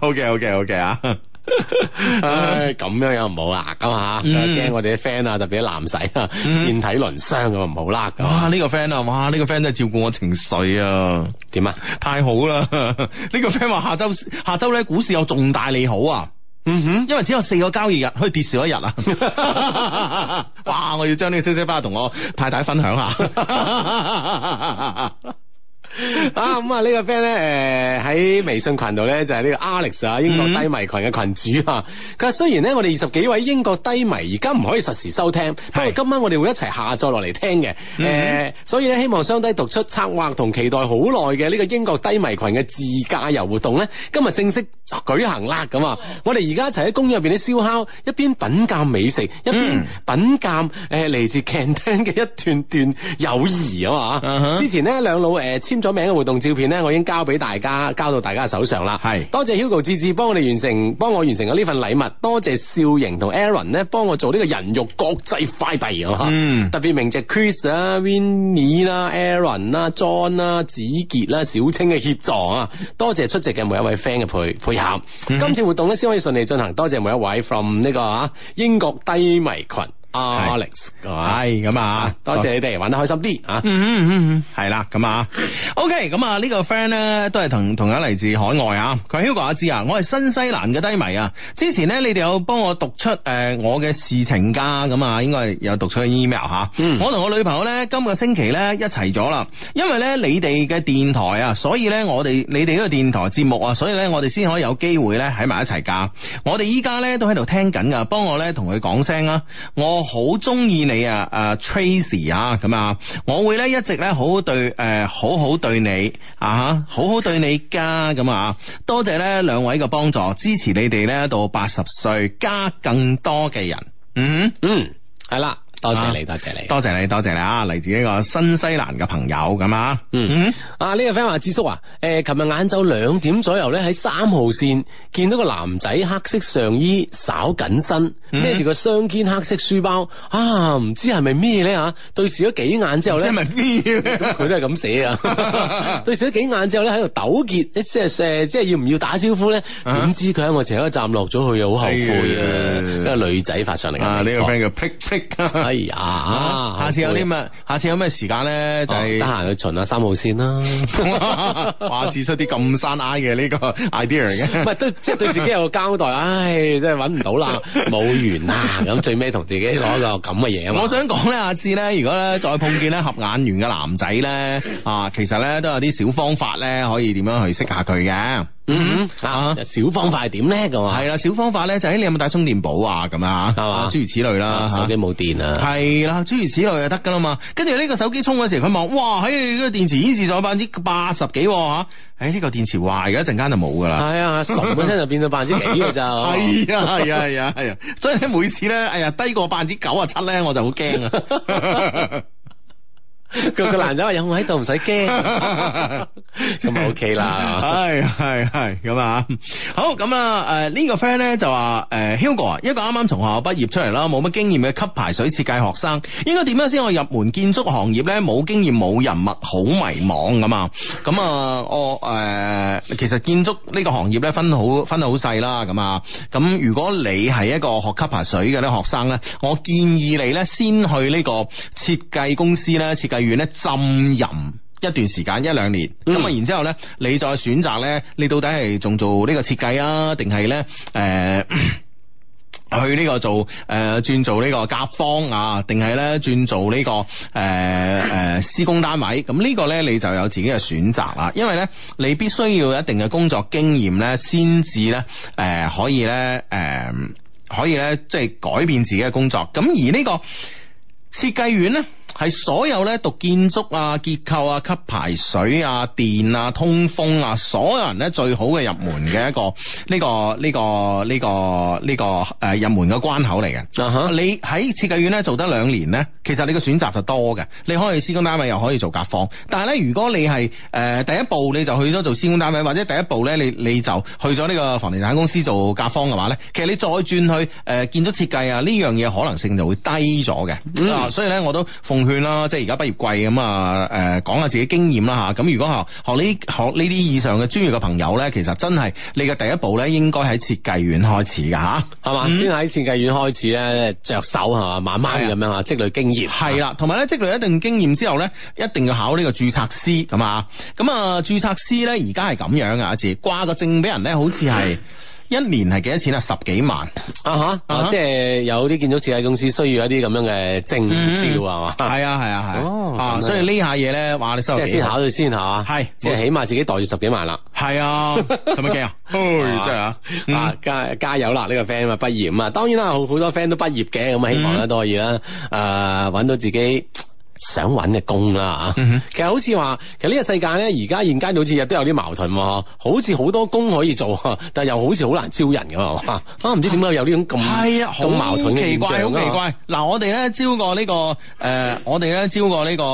好嘅，好嘅，好嘅啊！ 唉，咁樣又唔好啦，咁啊吓，驚我哋啲 friend 啊，特別啲男仔啊，遍、嗯、 體鱗傷咁啊，唔好啦。哇，呢、呢個 friend 啊，哇，呢個 friend 真係照顧我情緒啊，點啊？太好啦！呢個 friend 話下周下周咧，股市有重大利好啊。嗯哼，因為只有四個交易日，可以跌少一日啊。 哇！我要將呢個消息翻去同我太太分享下。啊 啊咁 啊！呢個 friend 咧，誒喺微信群度咧就係呢個 Alex 啊，英國低迷群嘅群主啊。佢話雖然咧我哋二十幾位英國低迷而家唔可以實時收聽，不過是今晚我哋會一齊下載落嚟聽嘅。誒、嗯哼呃，所以咧希望雙低讀出策劃同期待好耐嘅呢個英國低迷群嘅自駕遊活動咧，今日正式舉行啦，咁啊！我哋而家一齊喺公園入邊啲燒烤，一邊品鑑美食，一邊品鑑誒嚟自 Canterton 嘅一段段友誼啊嘛！Uh huh. 之前呢兩老誒簽咗名嘅活動照片呢，我已經交俾大家，交到大家手上啦。係是多謝 Hugo 志志 幫我哋完成，幫我完成咗呢份禮物。多謝少盈同 Aaron 呢，幫我做呢個人肉國際快遞啊！ 特別鳴謝 Chris 啊、Winnie 啦、啊、Aaron 啦、John 啦、子傑啦、小青嘅協助啊！多謝出席嘅每一位 friend 嘅配合。嗯、今次活動咧先可以順利進行，多謝每一位 from 呢個啊英國低迷群。Alex，係咁啊，多謝你哋玩得開心啲啊，係啦、嗯，咁啊，OK，咁啊呢個 friend 咧都係同同樣嚟自海外啊，佢係 Hugo 阿志啊，我係新西蘭嘅低迷啊，之前咧你哋有幫我讀出誒、呃、我嘅事情家咁啊，應該有讀出個 email 吓、啊，嗯、我同我女朋友咧今個星期咧一齊咗啦，因為咧你哋嘅電台啊，所以咧我哋你哋嗰個電台節目啊，所以咧我哋先可以有機會咧喺埋一齊噶，我哋依家咧都喺度聽緊噶，幫我咧同佢講聲啊。我。好中意你啊，阿 Tracy 啊，咁啊，我會咧一直咧好好對誒、呃，好好對你啊，好好對你家咁啊，多謝咧兩位嘅幫助，支持你哋咧到八十歲加更多嘅人，嗯嗯，係啦。多謝，多，謝多謝你，多謝你，多謝你，多謝你啊！嚟自呢個新西蘭嘅朋友咁啊，嗯，啊呢、這個 friend 話志叔啊，誒、呃，琴日晏晝兩點左右咧，喺三號綫見到個男仔黑色上衣，稍緊身，孭住個雙肩黑色書包，啊，唔知係咪咩咧啊，對視咗幾眼之後咧，係咪咩佢都係咁寫啊，對視咗幾眼之後咧，喺度糾結，即係即係要唔要打招呼咧？點知佢喺我前一站落咗去好後悔啊！一個女仔發上嚟啊，呢個 friend 嘅 pics。哎呀！啊、下次有啲咩？人下次有咩時間咧，就係得閒去巡下三號線啦。 下次出啲咁山 I 嘅呢個 idea 嘅， 唔係都即係對自己有個交代。唉、哎，真係揾唔到啦，冇緣啦。咁最尾同自己攞個咁嘅嘢啊嘛。 我想講咧，下次咧，如果咧再碰見咧合眼緣嘅男仔咧，啊，其實咧都有啲小方法咧，可以點樣去識下佢嘅。嗯，嗯啊，小方法呢，小方法係點叻咁嘛？係啦，小方法咧就誒、是，你有冇帶充電寶啊？咁啊吓，係嘛？諸如此類啦，手機冇電啊，係啦，諸如此類就得噶啦嘛。跟住呢個手機充嘅時候，佢望，哇，喺、哎、你個電池顯示咗百分之八十幾吓、啊，喺、哎、呢、這個電池壞嘅一陣間就冇噶啦。係啊，十本身就變咗百分之幾嘅咋。係啊係啊係啊係啊，所以每次咧，哎呀，低過百分之九啊七咧，我就好驚啊。 個 個男仔話有我喺度唔使驚，咁咪 O K 啦。係系係咁啊！好咁啊！誒、呃這個、呢個 friend 咧就話誒、呃、Hugo 啊，一個啱啱從學校畢業出嚟啦，冇乜經驗嘅吸排水設計學生，應該點樣先可以入門建築行業咧？冇經驗冇人物，好迷茫咁啊！咁啊、呃，我誒、呃、其實建築呢個行業咧分好分得好細啦。咁啊，咁如果你係一個學吸排水嘅咧學生咧，我建議你咧先去呢個設計公司咧設計。院咧浸淫一段時間一兩年，咁啊、嗯，然之後咧，你再選擇咧，你到底係仲做呢個設計啊，定係咧誒去呢個做誒、呃、轉做呢個甲方啊，定係咧轉做呢、這個誒誒、呃呃、施工單位？咁、這個、呢個咧，你就有自己嘅選擇啦。因為咧，你必須要有一定嘅工作經驗咧，先至咧誒可以咧誒、呃、可以咧，即係改變自己嘅工作。咁而呢個設計院咧。係所有咧讀建築啊、結構啊、吸排水啊、電啊、通風啊，所有人咧最好嘅入門嘅一個呢、 呢個呢、呢個呢、呢個呢個誒入門嘅關口嚟嘅。Uh huh. 你喺設計院咧做得兩年咧，其實你嘅選擇就多嘅，你可以施工單位又可以做甲方。但係咧，如果你係誒、呃、第一步你就去咗做施工單位，或者第一步咧你你就去咗呢個房地產公司做甲方嘅話咧，其實你再轉去誒、呃、建築設計啊呢樣嘢可能性就會低咗嘅。所以咧，我都奉。 券啦，即係而家畢業季咁啊，誒，講下自己經驗啦吓。咁如果學學呢學呢啲以上嘅專業嘅朋友呢，其實真係你嘅第一步呢，應該喺設計院開始噶吓，係嘛吧，嗯、先喺設計院開始呢，着手係慢慢咁樣啊，積累經驗。係啦，同埋呢，積累一定經驗之後呢，一定要考呢個註冊師咁啊。咁啊，註冊師呢，而家係咁樣噶，自己掛個證俾人呢，好似係。一年係幾多錢啊？十幾萬啊嚇！啊，即係有啲建築設計公司需要一啲咁樣嘅證照啊嘛。係啊係啊係。哦，所以呢下嘢咧話你收即係先考到先嚇。係，即係起碼自己袋住十幾萬啦。係啊，使乜驚啊？真係啊！加加油啦！呢個 friend 咪畢業啊嘛。當然啦，好好多 friend 都畢業嘅，咁啊希望咧都可以啦。誒，揾到自己。想揾嘅工啦，啊，吓、嗯哼，其實好似話，其實呢個世界咧，而家現階段好似亦都有啲矛盾，嗬，好似好多工可以做，但係又好似好難招人嘅，係嘛，啊唔知點解有呢種咁，係啊，好麼、啊、矛盾奇怪，好奇怪。嗱，我哋咧招過呢個，誒，我哋咧招過呢個，誒，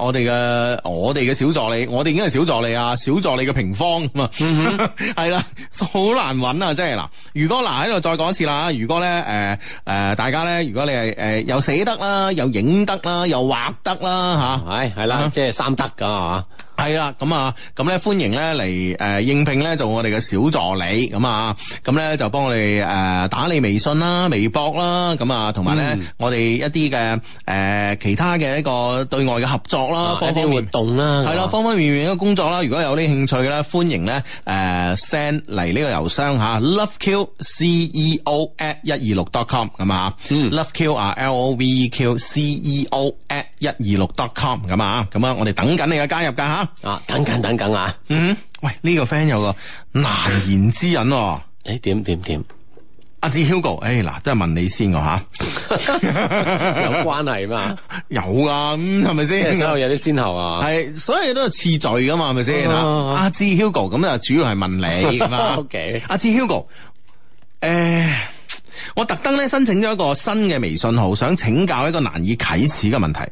我哋嘅，我哋嘅小助理，我哋已經係小助理啊，小助理嘅平方咁啊，係、嗯、啦，好難揾啊，即係。嗱，如果嗱喺度再講一次啦，如果咧，誒、呃、誒、呃、大家咧，如果你係誒又寫得啦，又影得啦，又畫。又得啦吓，係係啦，即、就、係、是、三得噶，係嘛，係啦，咁、嗯、啊，咁咧歡迎咧嚟誒應聘咧做我哋嘅小助理，咁、嗯、啊，咁咧就幫我哋誒打理微信啦、微博啦，咁啊，同埋咧我哋一啲嘅誒其他嘅一個對外嘅合作啦，方啲活動啦，係啦，方方面面嘅工作啦，如果有啲興趣嘅咧，歡迎咧誒、呃、send 嚟呢個郵箱吓，loveqceo@ at 一二六 .com，係嘛，loveq 啊，l o v e q c e o at 一二六 dotcom 咁啊，咁啊，我哋等緊你嘅加入噶吓，啊，等緊等緊啊，等著等著，嗯，喂，呢、這個 friend 有個難言之隱，誒、啊， 點點點，阿志 Hugo，誒，嗱、欸，都係問你先喎吓，啊、 有關係嘛，有啊，咁係咪先？是是有啲先後啊，係，所以都係次序噶嘛，係咪先？阿志 Hugo 咁啊，啊 Hugo, 主要係問你 ，OK，阿志 Hugo，誒。我特登咧申請咗一個新嘅微信號，想請教一個難以啟齒嘅問題。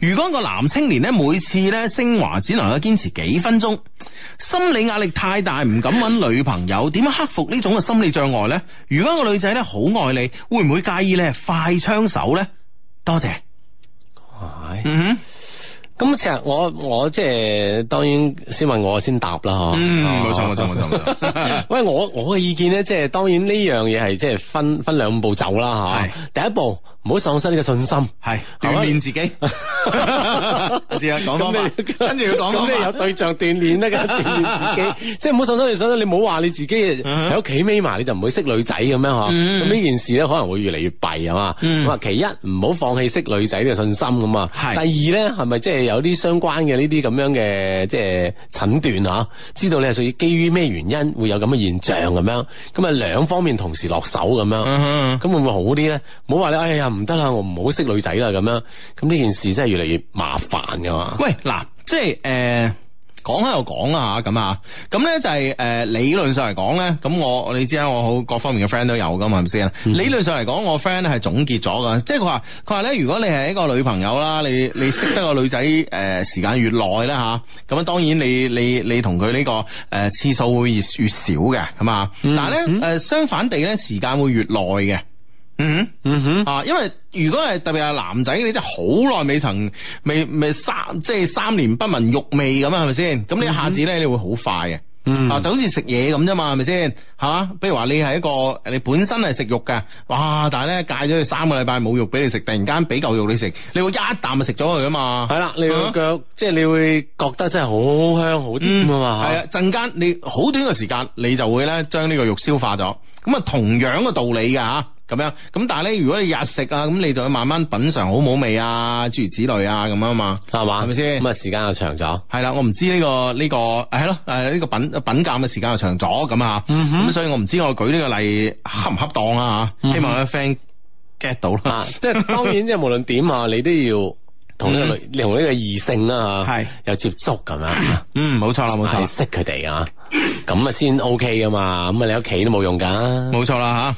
如果個男青年咧每次咧升華只能夠堅持幾分鐘，心理壓力太大唔敢揾女朋友，點樣克服呢種嘅心理障礙呢？如果個女仔咧好愛你，會唔會介意咧快槍手呢？多謝。嗯哼、哎。Mm-hmm. .咁其實我我即係當然先問我，我先答啦嚇，嗯冇錯冇錯冇錯，喂 我我嘅意見咧即係當然呢樣嘢係即係分分兩步走啦吓，是第一步。唔好喪失你嘅信心，係鍛煉自己。我試 下講，咁 你跟住要講，咁 你有對象鍛煉咧，嘅鍛煉自己，即係唔好喪失理想。你唔好話你自己喺屋企匿埋，你就唔會識女仔咁樣嗬。咁、啊、呢、嗯、件事咧，可能會越嚟越弊，係嘛。咁、嗯、啊，其一唔好放棄識女仔嘅信心咁啊。第二咧，係咪即係有啲相關嘅呢啲咁樣嘅即係診斷吓？知道你係屬於基於咩原因會有咁嘅現象咁樣？咁啊、嗯，兩方面同時落手咁樣，咁、啊嗯、會唔會好啲咧？唔好話你哎呀。唔得啦，我唔好識女仔啦，咁樣咁呢件事真係越嚟越麻煩噶嘛？喂，嗱，即係誒，講喺度講啊，吓，咁啊，咁咧就係、是、誒、呃，理論上嚟講咧，咁我你知啦，我好各方面嘅 friend 都有噶嘛，係咪先？嗯、理論上嚟講，我 friend 咧係總結咗噶，即係佢話佢話咧，如果你係一個女朋友啦，你你識得個女仔誒、呃，時間越耐咧吓，咁啊，當然你你你同佢呢個誒、呃、次數會越，越少嘅，係嘛？但係咧誒，相反地咧，時間會越耐嘅。嗯嗯哼啊，因為如果係特別係男仔，你真係好耐未曾未未三即係三年不聞肉味咁啊，係咪先？咁你一下子咧，你會快、嗯哼啊、好快嘅，啊就好似食嘢咁啫嘛，係咪先？吓，比如話你係一個你本身係食肉嘅，哇！但係咧戒咗你三個禮拜冇肉俾你食，突然間俾嚿肉你食，你會一啖就食咗佢噶嘛？係啦、嗯哼，你個腳、啊、即係你會覺得真係好香好啲咁啊嘛！係啊、嗯，陣間、嗯、哼你好短嘅時間，你就會咧將呢個肉消化咗。咁啊，同樣嘅道理噶吓。啊咁樣，咁但係咧，如果你日食啊，咁你就要慢慢品嘗好冇味啊，諸如此類啊，咁樣啊嘛，係嘛，係咪先？咁啊，時間又長咗。係啦，我唔知呢個呢個，係咯，誒呢個品品鑑嘅時間又長咗咁啊，咁所以我唔知我舉呢個例恰唔恰當啊，希望我嘅 friend get 到啦。即係當然，即係無論點啊，你都要同呢個同呢個異性啊，吓，係有接觸咁樣。嗯，冇錯啦，冇錯，識佢哋啊，咁啊先 OK 噶嘛，咁啊你屋企都冇用噶。冇錯啦，吓。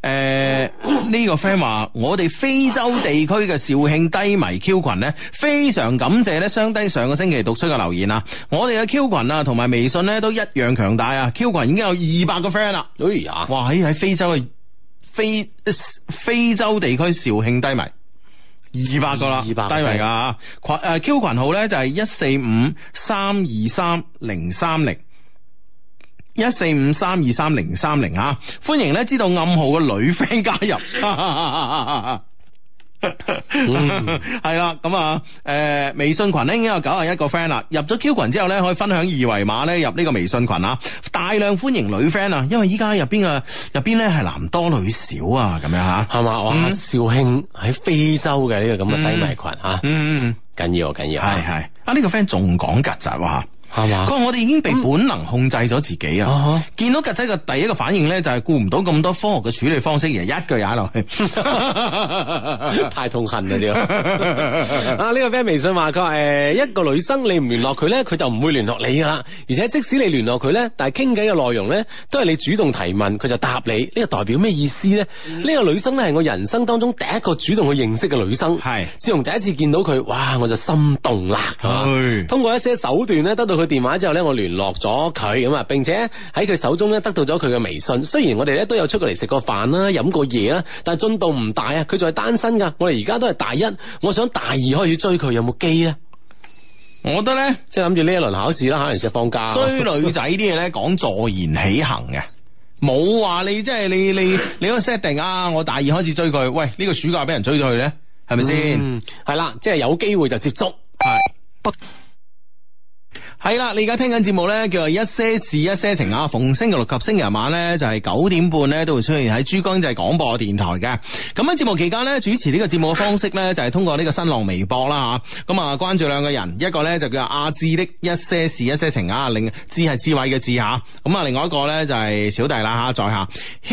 誒，呢、呃呢個 friend 話我哋非洲地區嘅肇慶低迷 Q 群呢，非常感謝咧，雙低上個星期讀出嘅留言啊！我哋嘅 Q 群啊，同埋微信咧都一樣強大啊！Q 群已經有二百個 friend 啦，哎呀，哇喺喺非洲嘅非非洲地區肇慶低迷二百個啦，二百低迷噶吓群誒，Q 群號呢就係一四五三二三零三零。一四五三二三零三零吓，0, 歡迎咧，知道暗號嘅女 friend 加入。哈哈哈哈嗯，係啦， 咁啊，誒，微信群咧已經有九廿一個 friend 啦。入咗 Q 群之後咧，可以分享二維碼咧入呢個微信群啊！大量歡迎女 friend 啊，因為依家入邊啊，入邊咧係男多女少啊，咁樣吓，係嘛？哇，肇、嗯、慶喺非洲嘅呢、呢個咁嘅低迷群、嗯、啊，嗯嗯，緊要緊要，係係啊，呢、啊啊啊呢個 friend 仲講曱甴哇！係嘛？佢話我哋已經被本能控制咗自己啊！嗯、哼見到曱甴嘅第一個反應咧，就係顧唔到咁多科學嘅處理方式，而係一句踹落去， 太痛恨啦！啊呢、這個 friend 微信話佢話誒，一個女生你唔聯絡佢咧，佢就唔會聯絡你噶啦。而且即使你聯絡佢咧，但係傾偈嘅內容咧，都係你主動提問，佢就答你。呢、這個代表咩意思咧？呢、嗯、個女生咧係我人生當中第一個主動去認識嘅女生。係是自從第一次見到佢，哇，我就心動啦。嗯、通過一些手段咧，得到。佢電話之後咧，我聯絡咗佢咁啊，並且喺佢手中咧得到咗佢嘅微信。雖然我哋咧都有出過嚟食過飯啦、飲過嘢啦，但係進度唔大啊。佢仲係單身噶。我哋而家都係大一，我想大二開始追佢，有冇機咧？我覺得咧，即係諗住呢一輪考試啦，吓而且放假追女仔啲嘢咧，講坐言起行嘅，冇話 你即係你你你個 setting 啊！我大二開始追佢，喂呢、這個暑假俾人追咗佢咧，係咪先？係啦、嗯，即係有機會就接觸，係不？ 係啦，你而家聽緊節目咧，叫做一些事一些情啊。逢星期六及星期日晚咧，就係九點半咧，都會出現喺珠江經濟廣播電台嘅。咁喺節目期間咧，主持呢個節目嘅方式咧，就係、是、通過呢個新浪微博啦吓。咁啊，關注兩個人，一個咧就叫阿智的一些事一些情啊，阿智係智慧嘅智吓。咁啊，另外一個咧就係、是、小弟啦吓、啊，在下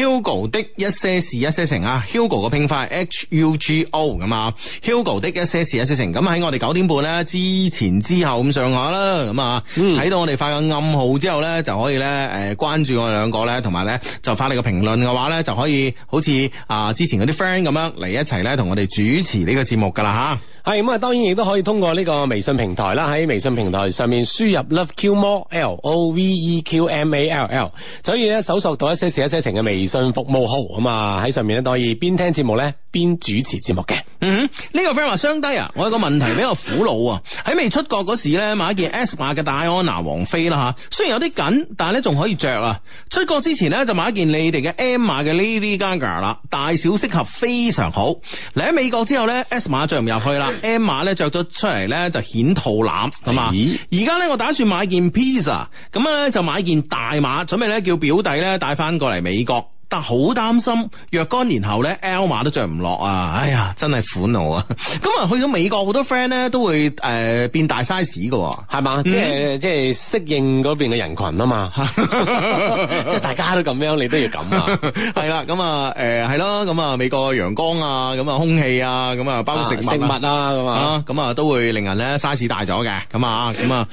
Hugo 的一些事一些情啊，Hugo 嘅拼法係 H U G O 咁啊。Hugo 的,、U G o，啊、的一些事一些情，咁、啊、喺我哋九點半咧之前之後咁上下啦，咁啊。啊啊睇、嗯、到我哋發個暗號之後咧，就可以咧誒，關注我哋兩個咧，同埋咧就發嚟個評論嘅話咧，就可以好似啊之前嗰啲 friend 咁樣嚟一齊咧同我哋主持呢個節目噶啦吓。係咁啊，當然亦都可以通過呢個微信平台啦，喺微信平台上面輸入 LoveQMore, l o v e q m o r e l o v e q m a l l，所以咧搜索到一些事一些情嘅微信服務號啊嘛，喺、嗯、上面咧都可以邊聽節目咧邊主持節目嘅。嗯哼，呢個 friend 話相低啊！我有個問題比較苦惱啊，喺未出國嗰時咧買一件 S 碼嘅戴安娜王妃啦吓，雖然有啲緊，但係咧仲可以着啊。出國之前呢，就買一件你哋嘅 M 碼嘅 Lady Gaga 啦，大小適合非常好。嚟喺美國之後呢 S 碼着唔入去啦 ，M 碼呢，着咗出嚟呢，就顯肚腩咁啊。而家呢，我打算買件 pizza，咁咧就買件大碼，準備呢，叫表弟呢，帶翻過嚟美國。但好擔心，若干年後咧，L 碼都着唔落啊！哎呀，真係苦惱啊！咁啊，去咗美國好多 friend 咧，都會誒變大，大、啊、size 噶，嗯，係嘛？即係即係適應嗰邊嘅人群啊嘛， 即係大家都咁樣，你都要咁啊， 啊！係、欸、啦，咁啊，誒係咯，咁啊美國嘅陽光啊，咁啊空氣啊，咁啊包括食物啊，咁啊，咁啊，啊都會令人咧 size 大咗嘅，咁啊，咁啊，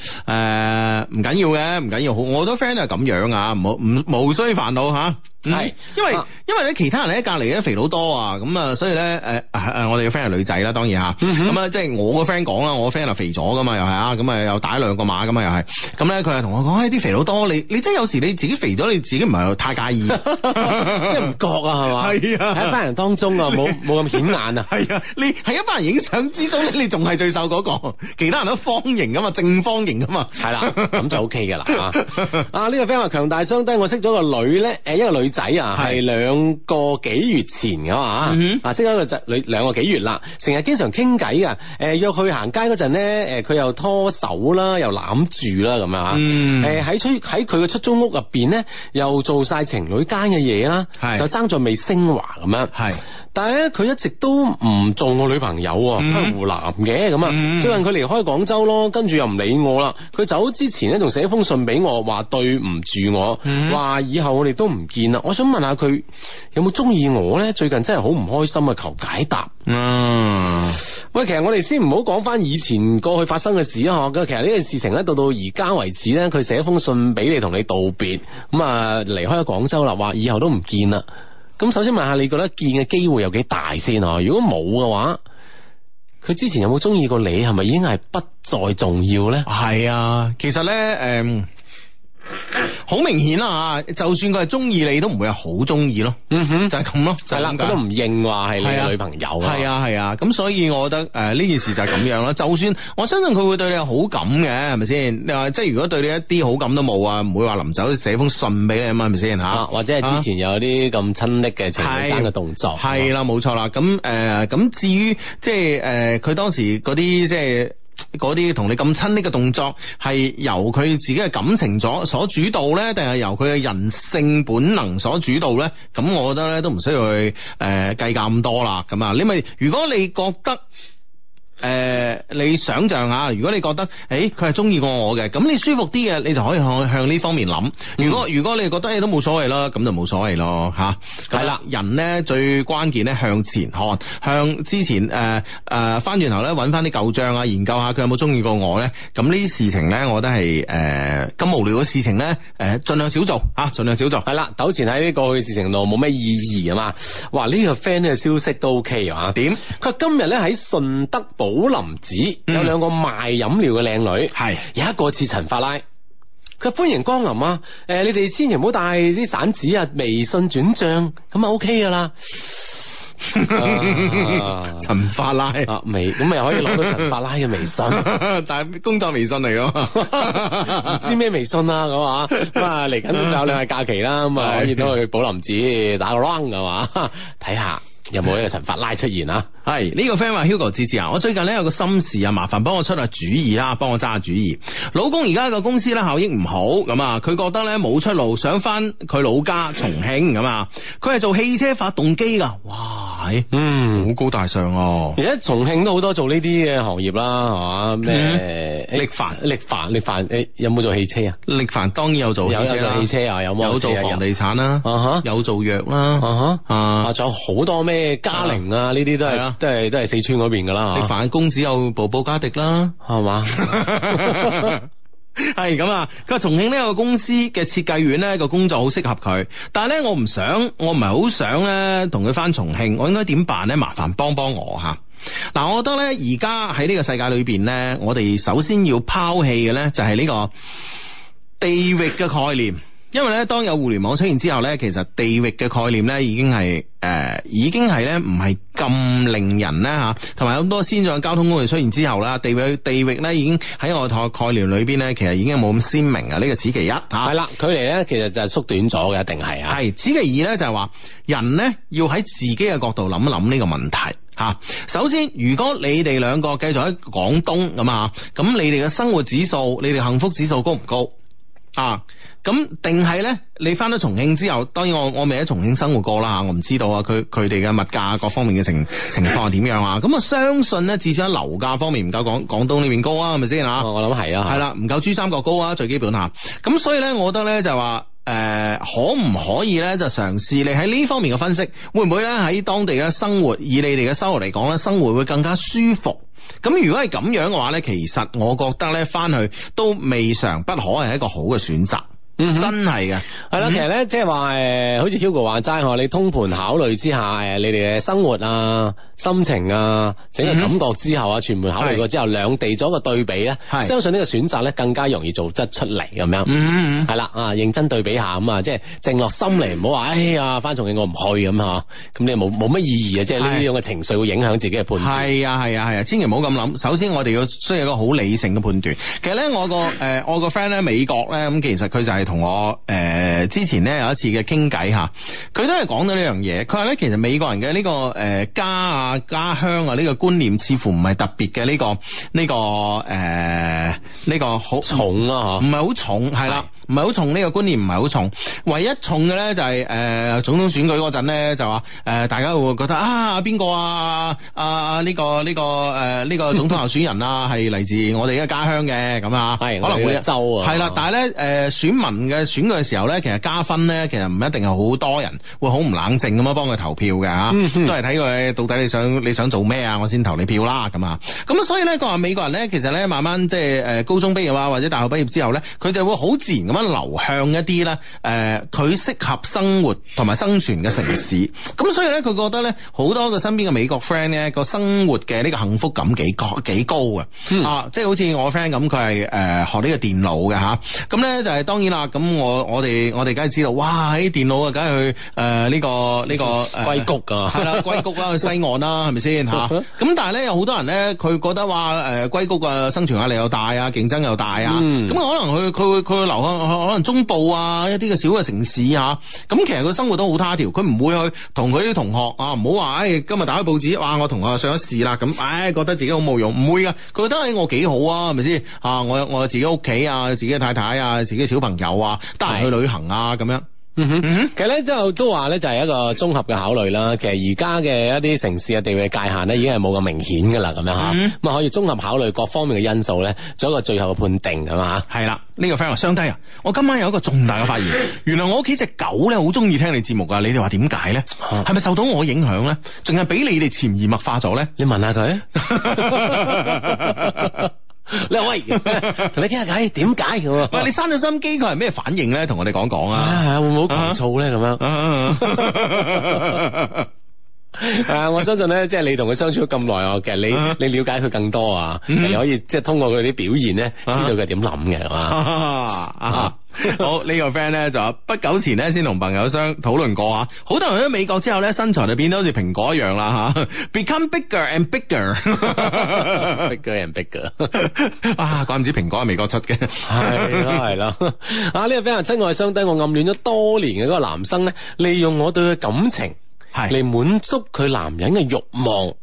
誒唔緊要嘅，唔緊要，好多 friend 係咁樣啊，唔好唔無須煩惱吓。係，因為因為咧其他人喺隔籬咧肥佬多啊，咁啊，所以咧誒誒我哋嘅 friend 係女仔啦，當然吓，咁啊即係我個 friend 講啦，我個 friend 又肥咗噶嘛，又係啊，咁啊又打兩個碼咁啊又係，咁咧佢又同我講，誒啲肥佬多，你你真有時你自己肥咗，你自己唔係太介意，即係唔覺啊，係嘛？喺班人當中啊，冇冇咁顯眼啊？係啊，你喺一班人影相之中你仲係最瘦嗰個，其他人都方形噶嘛，正方形噶嘛，係啦，咁就 OK 噶啦啊呢個 friend 話強大相低，我識咗個女咧，誒一個女。仔啊，係、uh huh. 兩個幾月前嘅嘛，啊，識咗個仔女兩個幾月啦，成日經常傾偈啊。誒、呃，約去行街嗰陣咧，誒、呃，佢又拖手啦，又攬住啦，咁啊。誒、mm，喺、hmm. 呃、出喺佢嘅出租屋入邊咧，又做晒情侶間嘅嘢啦，mm hmm. 就爭咗未升華咁樣。係、mm，hmm. 但係咧，佢一直都唔做我女朋友喎、啊。佢係湖南嘅咁啊，最近佢離開廣州咯，跟住又唔理我啦。佢走之前咧，仲寫封信俾我，話對唔住我，話以後我哋都唔見啦。我想問下佢有冇中意我呢？最近真係好唔開心啊！求解答。嗯，喂，其實我哋先唔好講翻以前過去發生嘅事啊。其實呢件事情呢，到到而家為止呢，佢寫封信俾你同你道別，咁啊離開咗廣州啦，話以後都唔見啦。咁首先問下，你覺得見嘅機會有幾大先啊？如果冇嘅話，佢之前有冇中意過你？係咪已經係不再重要呢？係啊，其實呢。誒、嗯。好明顯啦，吓，就算佢係中意你，都唔會係好中意咯。嗯哼，就係咁咯，就係、是、咁。佢都唔認話係你嘅女朋友。係啊係啊，咁所以我覺得誒呢、呃、件事就係咁樣啦。就算我相信佢會對你有好感嘅，係咪先？你話即係如果對你一啲好感都冇啊，唔會話臨走寫封信俾你，係咪先吓？或者係之前有啲咁親昵嘅情侶間嘅動作。係啦，冇錯啦。咁、呃、誒，咁至於即係誒，佢、呃呃呃、當時嗰啲即係。嗰啲同你咁親昵嘅動作，係由佢自己嘅感情所所主導咧，定係由佢嘅人性本能所主導咧？咁我覺得咧都唔需要去誒、呃、計較咁多啦。咁啊，你咪如果你覺得。誒、呃，你想象下，如果你覺得，誒、欸，佢係中意過我嘅，咁你舒服啲嘅，你就可以向向呢方面諗。如果如果你覺得、欸、都冇所謂咯，咁就冇所謂咯，嚇、啊。係啦 了，人咧最關鍵咧向前看，向之前誒誒翻轉頭咧揾翻啲舊賬啊，研究下佢有冇中意過我咧。咁呢啲事情咧，我覺得係誒咁無聊嘅事情咧，誒盡量少做嚇，盡量少做。係、啊、啦，糾纏喺呢個過去事情度冇咩意義啊嘛。哇，呢、這個 friend 嘅消息都 O K 啊？點、啊？佢今日咧喺順德寶。 寶林寺有兩個賣飲料嘅靚女，有是一個似陳法拉，佢歡迎光臨啊！誒，你哋千祈唔好帶啲散紙啊，微信轉賬咁啊 OK 噶啦。陳法拉啊微，咁咪可以攞到陳法拉嘅微信， 但係工作微信嚟噶嘛，唔 知咩微信啊。咁啊！嚟緊仲有兩日假期啦，咁啊 可以都去寶林寺打個 round 噶嘛，睇下有冇一個陳法拉出現啊！係呢個 friend 話 Hugo 志志啊，我最近咧有個心事啊，麻煩幫我出下主意啦，幫我揸下主意。老公而家個公司咧效益唔好，咁啊，佢覺得咧冇出路，想翻佢老家重慶咁啊。佢係做汽車發動機噶，哇，嗯，好高大上哦。而家重慶都好多做呢啲嘅行業啦，係咩力帆、力帆、力帆誒，有冇做汽車啊？力帆當然有做，有做汽車啊，有冇有做房地產啦，啊有做藥啦，啊仲有好多咩嘉陵啊，呢啲都係。都係都係四川嗰邊噶啦，你辦公只有步馬加迪啦，係嘛吧？係咁啊！佢話重慶呢個公司嘅設計院呢個工作好適合佢，但係呢，我唔想，我唔係好想呢同佢翻重慶，我應該點辦呢？麻煩幫幫幫我吓。嗱、啊，我覺得呢，而家喺呢個世界裏邊呢，我哋首先要拋棄嘅呢就係呢個地域嘅概念。因為咧，當有互聯網出現之後咧，其實地域嘅概念咧已經係誒、呃，已經係咧唔係咁令人咧吓，同埋咁多先進嘅交通工具出現之後啦，地域地域咧已經喺我哋概念裏邊咧，其實已經冇咁鮮明啊。呢、呢個此其一吓係啦，距離咧其實就係縮短咗嘅，一定係係。此其二咧就係話人咧要喺自己嘅角度諗一諗呢個問題吓、啊。首先，如果你哋兩個繼續喺廣東咁啊，咁你哋嘅生活指數、你哋幸福指數高唔高啊？咁定係呢？你翻到重慶之後，當然我我未喺重慶生活過啦，我唔知道啊。佢佢哋嘅物價各方面嘅情情況係點樣啊？咁我 相信呢，至少喺樓價方面唔夠廣廣東呢邊高啊，係咪先啊？我諗係啊，係啦，唔夠珠三角高啊，最基本吓。咁 所以呢，我覺得呢就話誒，可唔可以呢？就嘗試你喺呢方面嘅分析，會唔會呢？喺當地嘅生活，以你哋嘅收入嚟講呢，生活會更加舒服？咁如果係咁樣嘅話呢，其實我覺得呢翻去都未嘗不可係一個好嘅選擇。嗯、真係嘅，係啦、嗯，其實咧即係話誒，好似 Hugo 話齋你通盤考慮之下，誒，你哋嘅生活啊、心情啊、整個感覺之後啊，嗯、全盤考慮過之後，兩是地做一個對比咧，是相信呢個選擇咧更加容易做得出嚟咁樣。嗯嗯嗯，係啦、嗯，啊，認真對比下咁啊，即係靜落心嚟，唔好話哎呀，翻重慶我唔去咁嗬，咁你冇冇乜意義是啊？即係呢啲咁嘅情緒會影響自己嘅判斷。係啊，係啊，係啊，千祈唔好咁諗。首先我哋要需要一個好理性嘅判斷。其實咧、呃，我個誒，我個 friend 咧，美國咧，咁其實佢就係、是。同我誒之前咧有一次嘅傾偈嚇，佢都係講到呢樣嘢。佢話咧，其實美國人嘅呢個誒家啊家鄉啊呢個觀念，似乎唔係特別嘅呢個呢個誒呢個好重啊，嚇，唔係好重係啦，唔係好重呢個觀念唔係好重。唯一重嘅咧就係誒總統選舉嗰陣咧，就話誒大家會覺得啊邊個啊啊呢個呢個誒呢個總統候選人啊係嚟自我哋嘅家鄉嘅咁啊，係可能會一州啊，係啦，但係咧誒選民。嘅選舉嘅時候咧，其實加分咧，其實唔一定係好多人會好唔冷靜咁樣幫佢投票嘅嚇，嗯、都係睇佢到底你想你想做咩啊，我先投你票啦咁啊。咁啊，所以咧，佢話美國人咧，其實咧慢慢即係誒高中畢業啊，或者大學畢業之後咧，佢就會好自然咁樣流向一啲咧誒，佢、呃、適合生活同埋生存嘅城市。咁、嗯、所以咧，佢覺得咧好多個身邊嘅美國 friend 咧個生活嘅呢個幸福感幾高幾高嘅、嗯、啊，即係好似我 friend 咁，佢係誒學呢個電腦嘅吓。咁、啊、咧、嗯、就係、是、當然啦。咁我我哋我哋梗係知道，哇！喺電腦啊，梗係去誒呢個呢個硅谷啊，係啦硅谷啦，去西岸啦，係咪先吓？咁但係咧，有好多人咧，佢覺得話誒硅谷嘅生存壓力又大啊，競爭又大啊，咁可能佢佢會佢會留喺可能中部啊一啲嘅小嘅城市吓、啊。咁其實佢生活都好 他條，佢唔會去同佢啲同學啊，唔好話誒今日打開報紙，哇我同學上咗市啦，咁唉覺得自己好冇用，唔會、哎、啊。佢覺得我幾好啊，係咪先吓？我我自己屋企啊，自己嘅太太啊，自己嘅小朋友。Brittany honestly, 還有話得閒去旅行啊，咁、嗯、樣、嗯，其實咧就都話咧就係一個綜合嘅考慮啦。其實而家嘅一啲城市嘅地域界限咧，已經係冇咁明顯噶啦，咁樣吓，咁啊可以綜合考慮各方面嘅因素咧，做一個最後嘅判定啊嘛。係、嗯、啦，呢、呢個 friend 雙低啊！我今晚有一個重大嘅發現，原來我屋企隻狗咧好中意聽你節目啊！你哋話點解咧？係咪受到我影響咧？仲係俾你哋潛移默化咗咧？你問下佢。 你喂，同 你傾下偈，點解咁啊？ 喂，你刪咗心機，佢係咩反應咧？同我哋講講啊，會唔會好狂躁咧？咁樣，誒，我相信咧，即係你同佢相處咗咁耐，啊。其實你、啊、你了解佢更多啊，嗯、你可以即係通過佢啲表現咧，知道佢係點諗嘅，係嘛啊？啊 啊 好呢、這個 friend 咧就不久前咧先同朋友商討論過啊，好多人喺美國之後咧，身材就變得好似蘋果一樣啦吓、啊、，become bigger and bigger，bigger and bigger 啊，怪唔知蘋果係美國出嘅，係咯係咯，啊呢、這個 friend 親愛相低我暗戀咗多年嘅嗰個男生咧，利用我對佢感情係嚟的滿足佢男人嘅欲望，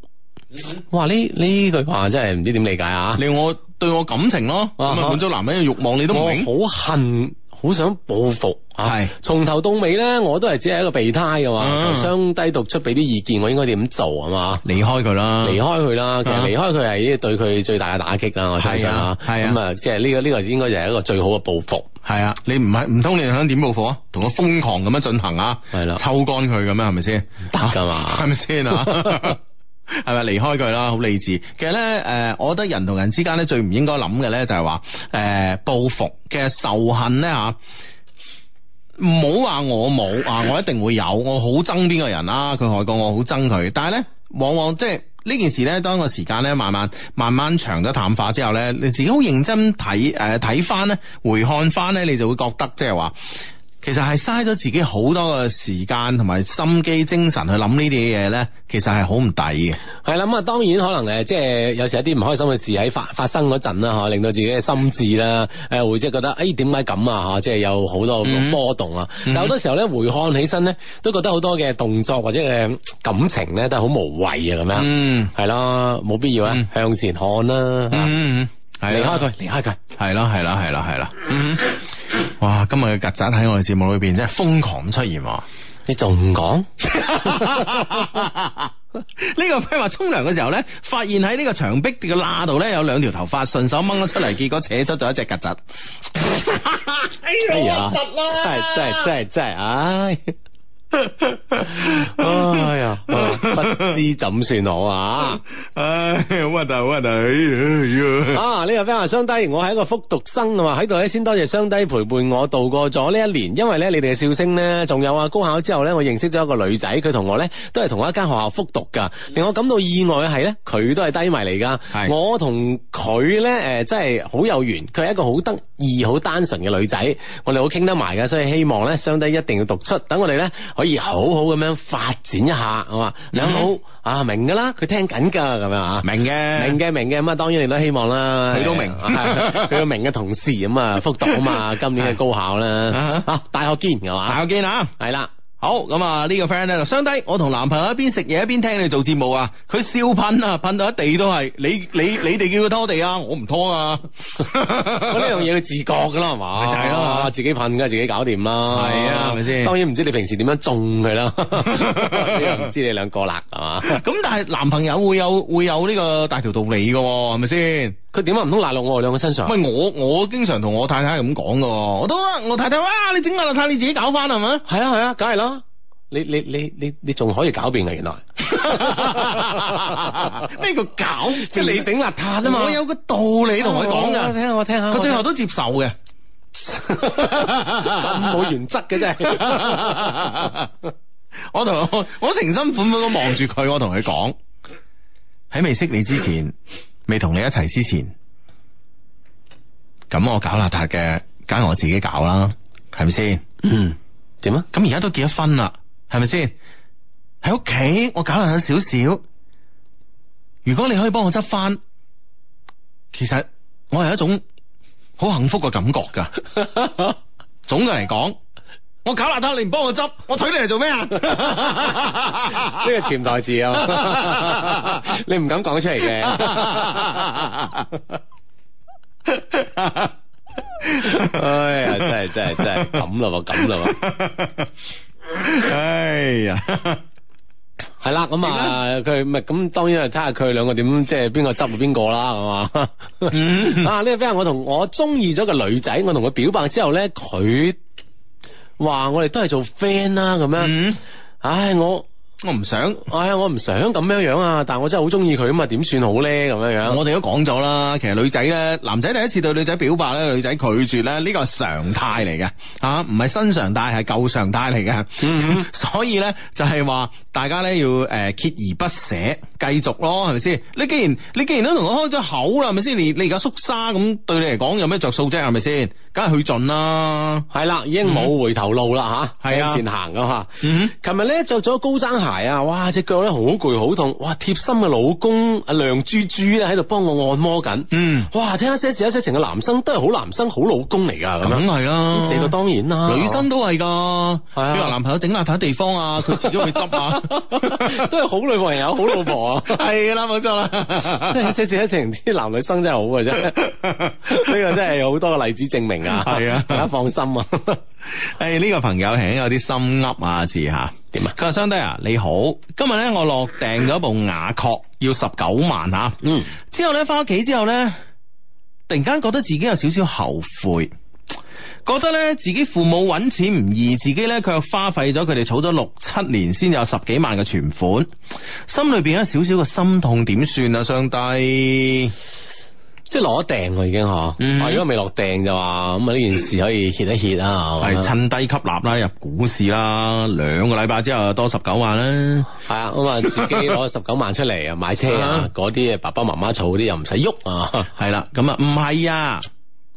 哇！呢呢句話真係唔知點理解啊，利用我對我感情咯，咁滿足男人嘅欲望你都唔明，我好恨。好想報復，係、啊、是從頭到尾咧，我都係只係一個備胎嘅嘛，嗯、雙低讀出俾啲意見，我應該點做係嘛？離開佢啦，離開佢啦，嗯、其實離開佢係對佢最大嘅打擊啦，我相信啊。係咁啊，即係呢個呢、呢個應該就係一個最好嘅報復。係啊，你唔係唔通你想點報復啊？同我瘋狂咁樣進行啊，係啦、啊，抽乾佢咁樣係咪先？得㗎嘛，係咪先啊？係咪離開佢啦？好理智。其實咧，誒、呃，我覺得人同人之間咧，最唔應該諗嘅咧，就係話誒報復嘅仇恨咧吓，唔好話我冇啊，我一定會有，我好憎邊個人啦、啊，佢害過我，好憎佢。但係咧，往往即係呢件事咧，當個時間咧，慢慢慢慢長咗淡化之後咧，你自己好認真睇誒，睇翻咧，看回看翻咧，你就會覺得即係話。其實係嘥咗自己好多嘅時間同埋心機、精神去諗呢啲嘢咧，其實係好唔抵嘅。係啦，咁啊，當然可能誒，即係有時一啲唔開心嘅事喺發發生嗰陣啦，吓，令到自己嘅心智啦，誒，會即係覺得，誒、欸，點解咁啊？吓，即係有好多波動啊！嗯、但好多時候咧，回看起身咧，都覺得好多嘅動作或者嘅感情咧，都係好無謂啊！咁樣，係咯，冇必要啊，嗯、向前看啦，吓、嗯。嗯係離開佢，離開佢，係咯，係啦，係啦，係啦。嗯，哇！今日嘅曱甴喺我哋節目裏邊真係瘋狂咁出現。你仲唔講呢個廢話？沖涼嘅時候咧，發現喺呢個牆壁嘅罅度咧有兩條頭髮，順手掹咗出嚟，結果扯出咗一隻曱甴。 哎呀！真係真係真係真係，唉。 哎呀，不知怎算好啊， 啊，呢個咩啊？雙低，我係一個復讀生啊嘛，喺度咧先多謝雙低陪伴我度過咗呢一年。因為咧，你哋嘅笑聲咧，仲有啊，高考之後咧，我認識咗一個女仔，佢同我咧都係同一間學校復讀噶。令我感到意外嘅係咧，佢都係低埋嚟噶。我同佢咧誒，真係好有緣。佢係一個好得意、好單純嘅女仔，我哋好傾得埋噶。所以希望咧，雙低一定要讀出。等我哋咧。可以好好咁樣發展一下，係嘛？兩老、嗯、啊，明噶啦，佢聽緊噶，咁樣啊，明嘅，明嘅，明嘅，咁啊，當然你都希望啦，佢都明，佢都明、 啊、明嘅同事咁啊，復讀啊嘛，今年嘅高考啦， 啊，啊，啊，大學見，係嘛、啊啊啊，大學見啊，係啦。好咁啊！這個、呢個 friend 咧就相低，我同男朋友一邊食嘢一邊聽你做節目啊。佢笑噴啊，噴到一地都係。你你你哋叫佢拖地啊，我唔拖啊。呢樣嘢佢自覺噶啦，係嘛 了？咪就係咯，自己噴嘅自己搞掂啦。係啊，係咪先？啊啊、當然唔知你平時點樣種佢啦。 你又唔知你兩個啦，係嘛？咁但係男朋友會有會有呢個大條道理噶，係咪先？ 佢點解唔通賴落我哋兩個身上？唔係我，我經常同我太太咁講噶，我都我太太，哇！你整邋遢你自己搞翻係咪啊？係啊係啊，梗係囉。你你你你你仲可以狡辯嘅 原來？咩 個搞？即係你整邋遢啊嘛！我有個道理同佢講啊，聽下 我聽下。佢最後都接受嘅。咁 冇原則嘅啫 。我同我我情深款款咁望住佢，我同佢講喺未識你之前。 未同你一齊之前，咁我搞邋遢嘅梗係我自己搞啦，係咪先？嗯，點啊？咁而家都結咗婚啦，係咪先？喺屋企我搞邋遢少少，如果你可以幫我執翻，其實我係一種好幸福嘅感覺噶。總嘅嚟講。我搞邋遢，你唔幫我執，我娶你嚟做咩啊？呢個潛台詞啊， 你唔敢講出嚟嘅。 哎呀，真係真係真係咁啦嘛，咁啦嘛。哎呀， 係啦，咁啊，佢唔係咁，當然係睇下佢兩個點，即係邊個執邊個啦，係嘛？ 啊，呢個即係我同我中意咗個女仔，我同佢表白之後咧，佢。話我哋都係做 friend 啦、啊，咁樣，嗯、唉，我我唔想，唉，我唔想咁樣樣啊！但係我真係好中意佢啊嘛，點算好呢？咁樣樣、嗯，我哋都講咗啦，其實女仔呢，男仔第一次對女仔表白呢，女仔拒絕呢，呢個係常態嚟嘅，吓，唔係新常態，係舊常態嚟嘅，嗯、 所以呢，就係話大家呢要誒鍥、呃、而不捨，繼續咯，係咪先？你既然你既然都同我開咗口啦，係咪先？你你而家縮沙咁，對你嚟講有咩着數啫？係咪先？梗係去盡啦，係啦，已經冇回頭路啦吓，向前行噶吓。琴日咧着咗高踭鞋啊，哇隻腳咧好攰好痛，哇貼心嘅老公阿亮豬豬咧喺度幫我按摩緊。嗯，哇，聽下寫字寫成個男生都係好男生好老公嚟噶，咁樣。梗係啦，這個當然啦，女生都係噶。你話男朋友整邋遢地方啊，佢自己去執下，都係好女朋友好老婆啊。係啦，冇錯啦，寫字寫成啲男女生真係好嘅啫，呢個真係有好多嘅例子證明。係啊，大家 放心啊、 哎！誒，呢個朋友係有啲心噏啊字吓，點啊？佢話相帝啊，你好！今日呢，我落訂咗部雅閣，要十九萬吓。啊、嗯，之後呢，翻屋企之後呢，突然間覺得自己有少少後悔，覺得呢自己父母揾錢唔易，自己呢卻花費咗佢哋儲咗六七年先有十幾萬嘅存款，心裏邊有少少嘅心痛點算啊，相帝。即係攞訂喎，已經嗬。啊嗯、如果未落訂就話，咁啊呢件事可以歇一歇啦。係 趁低吸納啦，入股市啦，兩個禮拜之後就多十九萬啦。係啊，咁、嗯、啊自己攞十九萬出嚟啊 買車啊，嗰啲啊爸爸媽媽儲啲又唔使喐啊。係啦，咁啊唔係啊，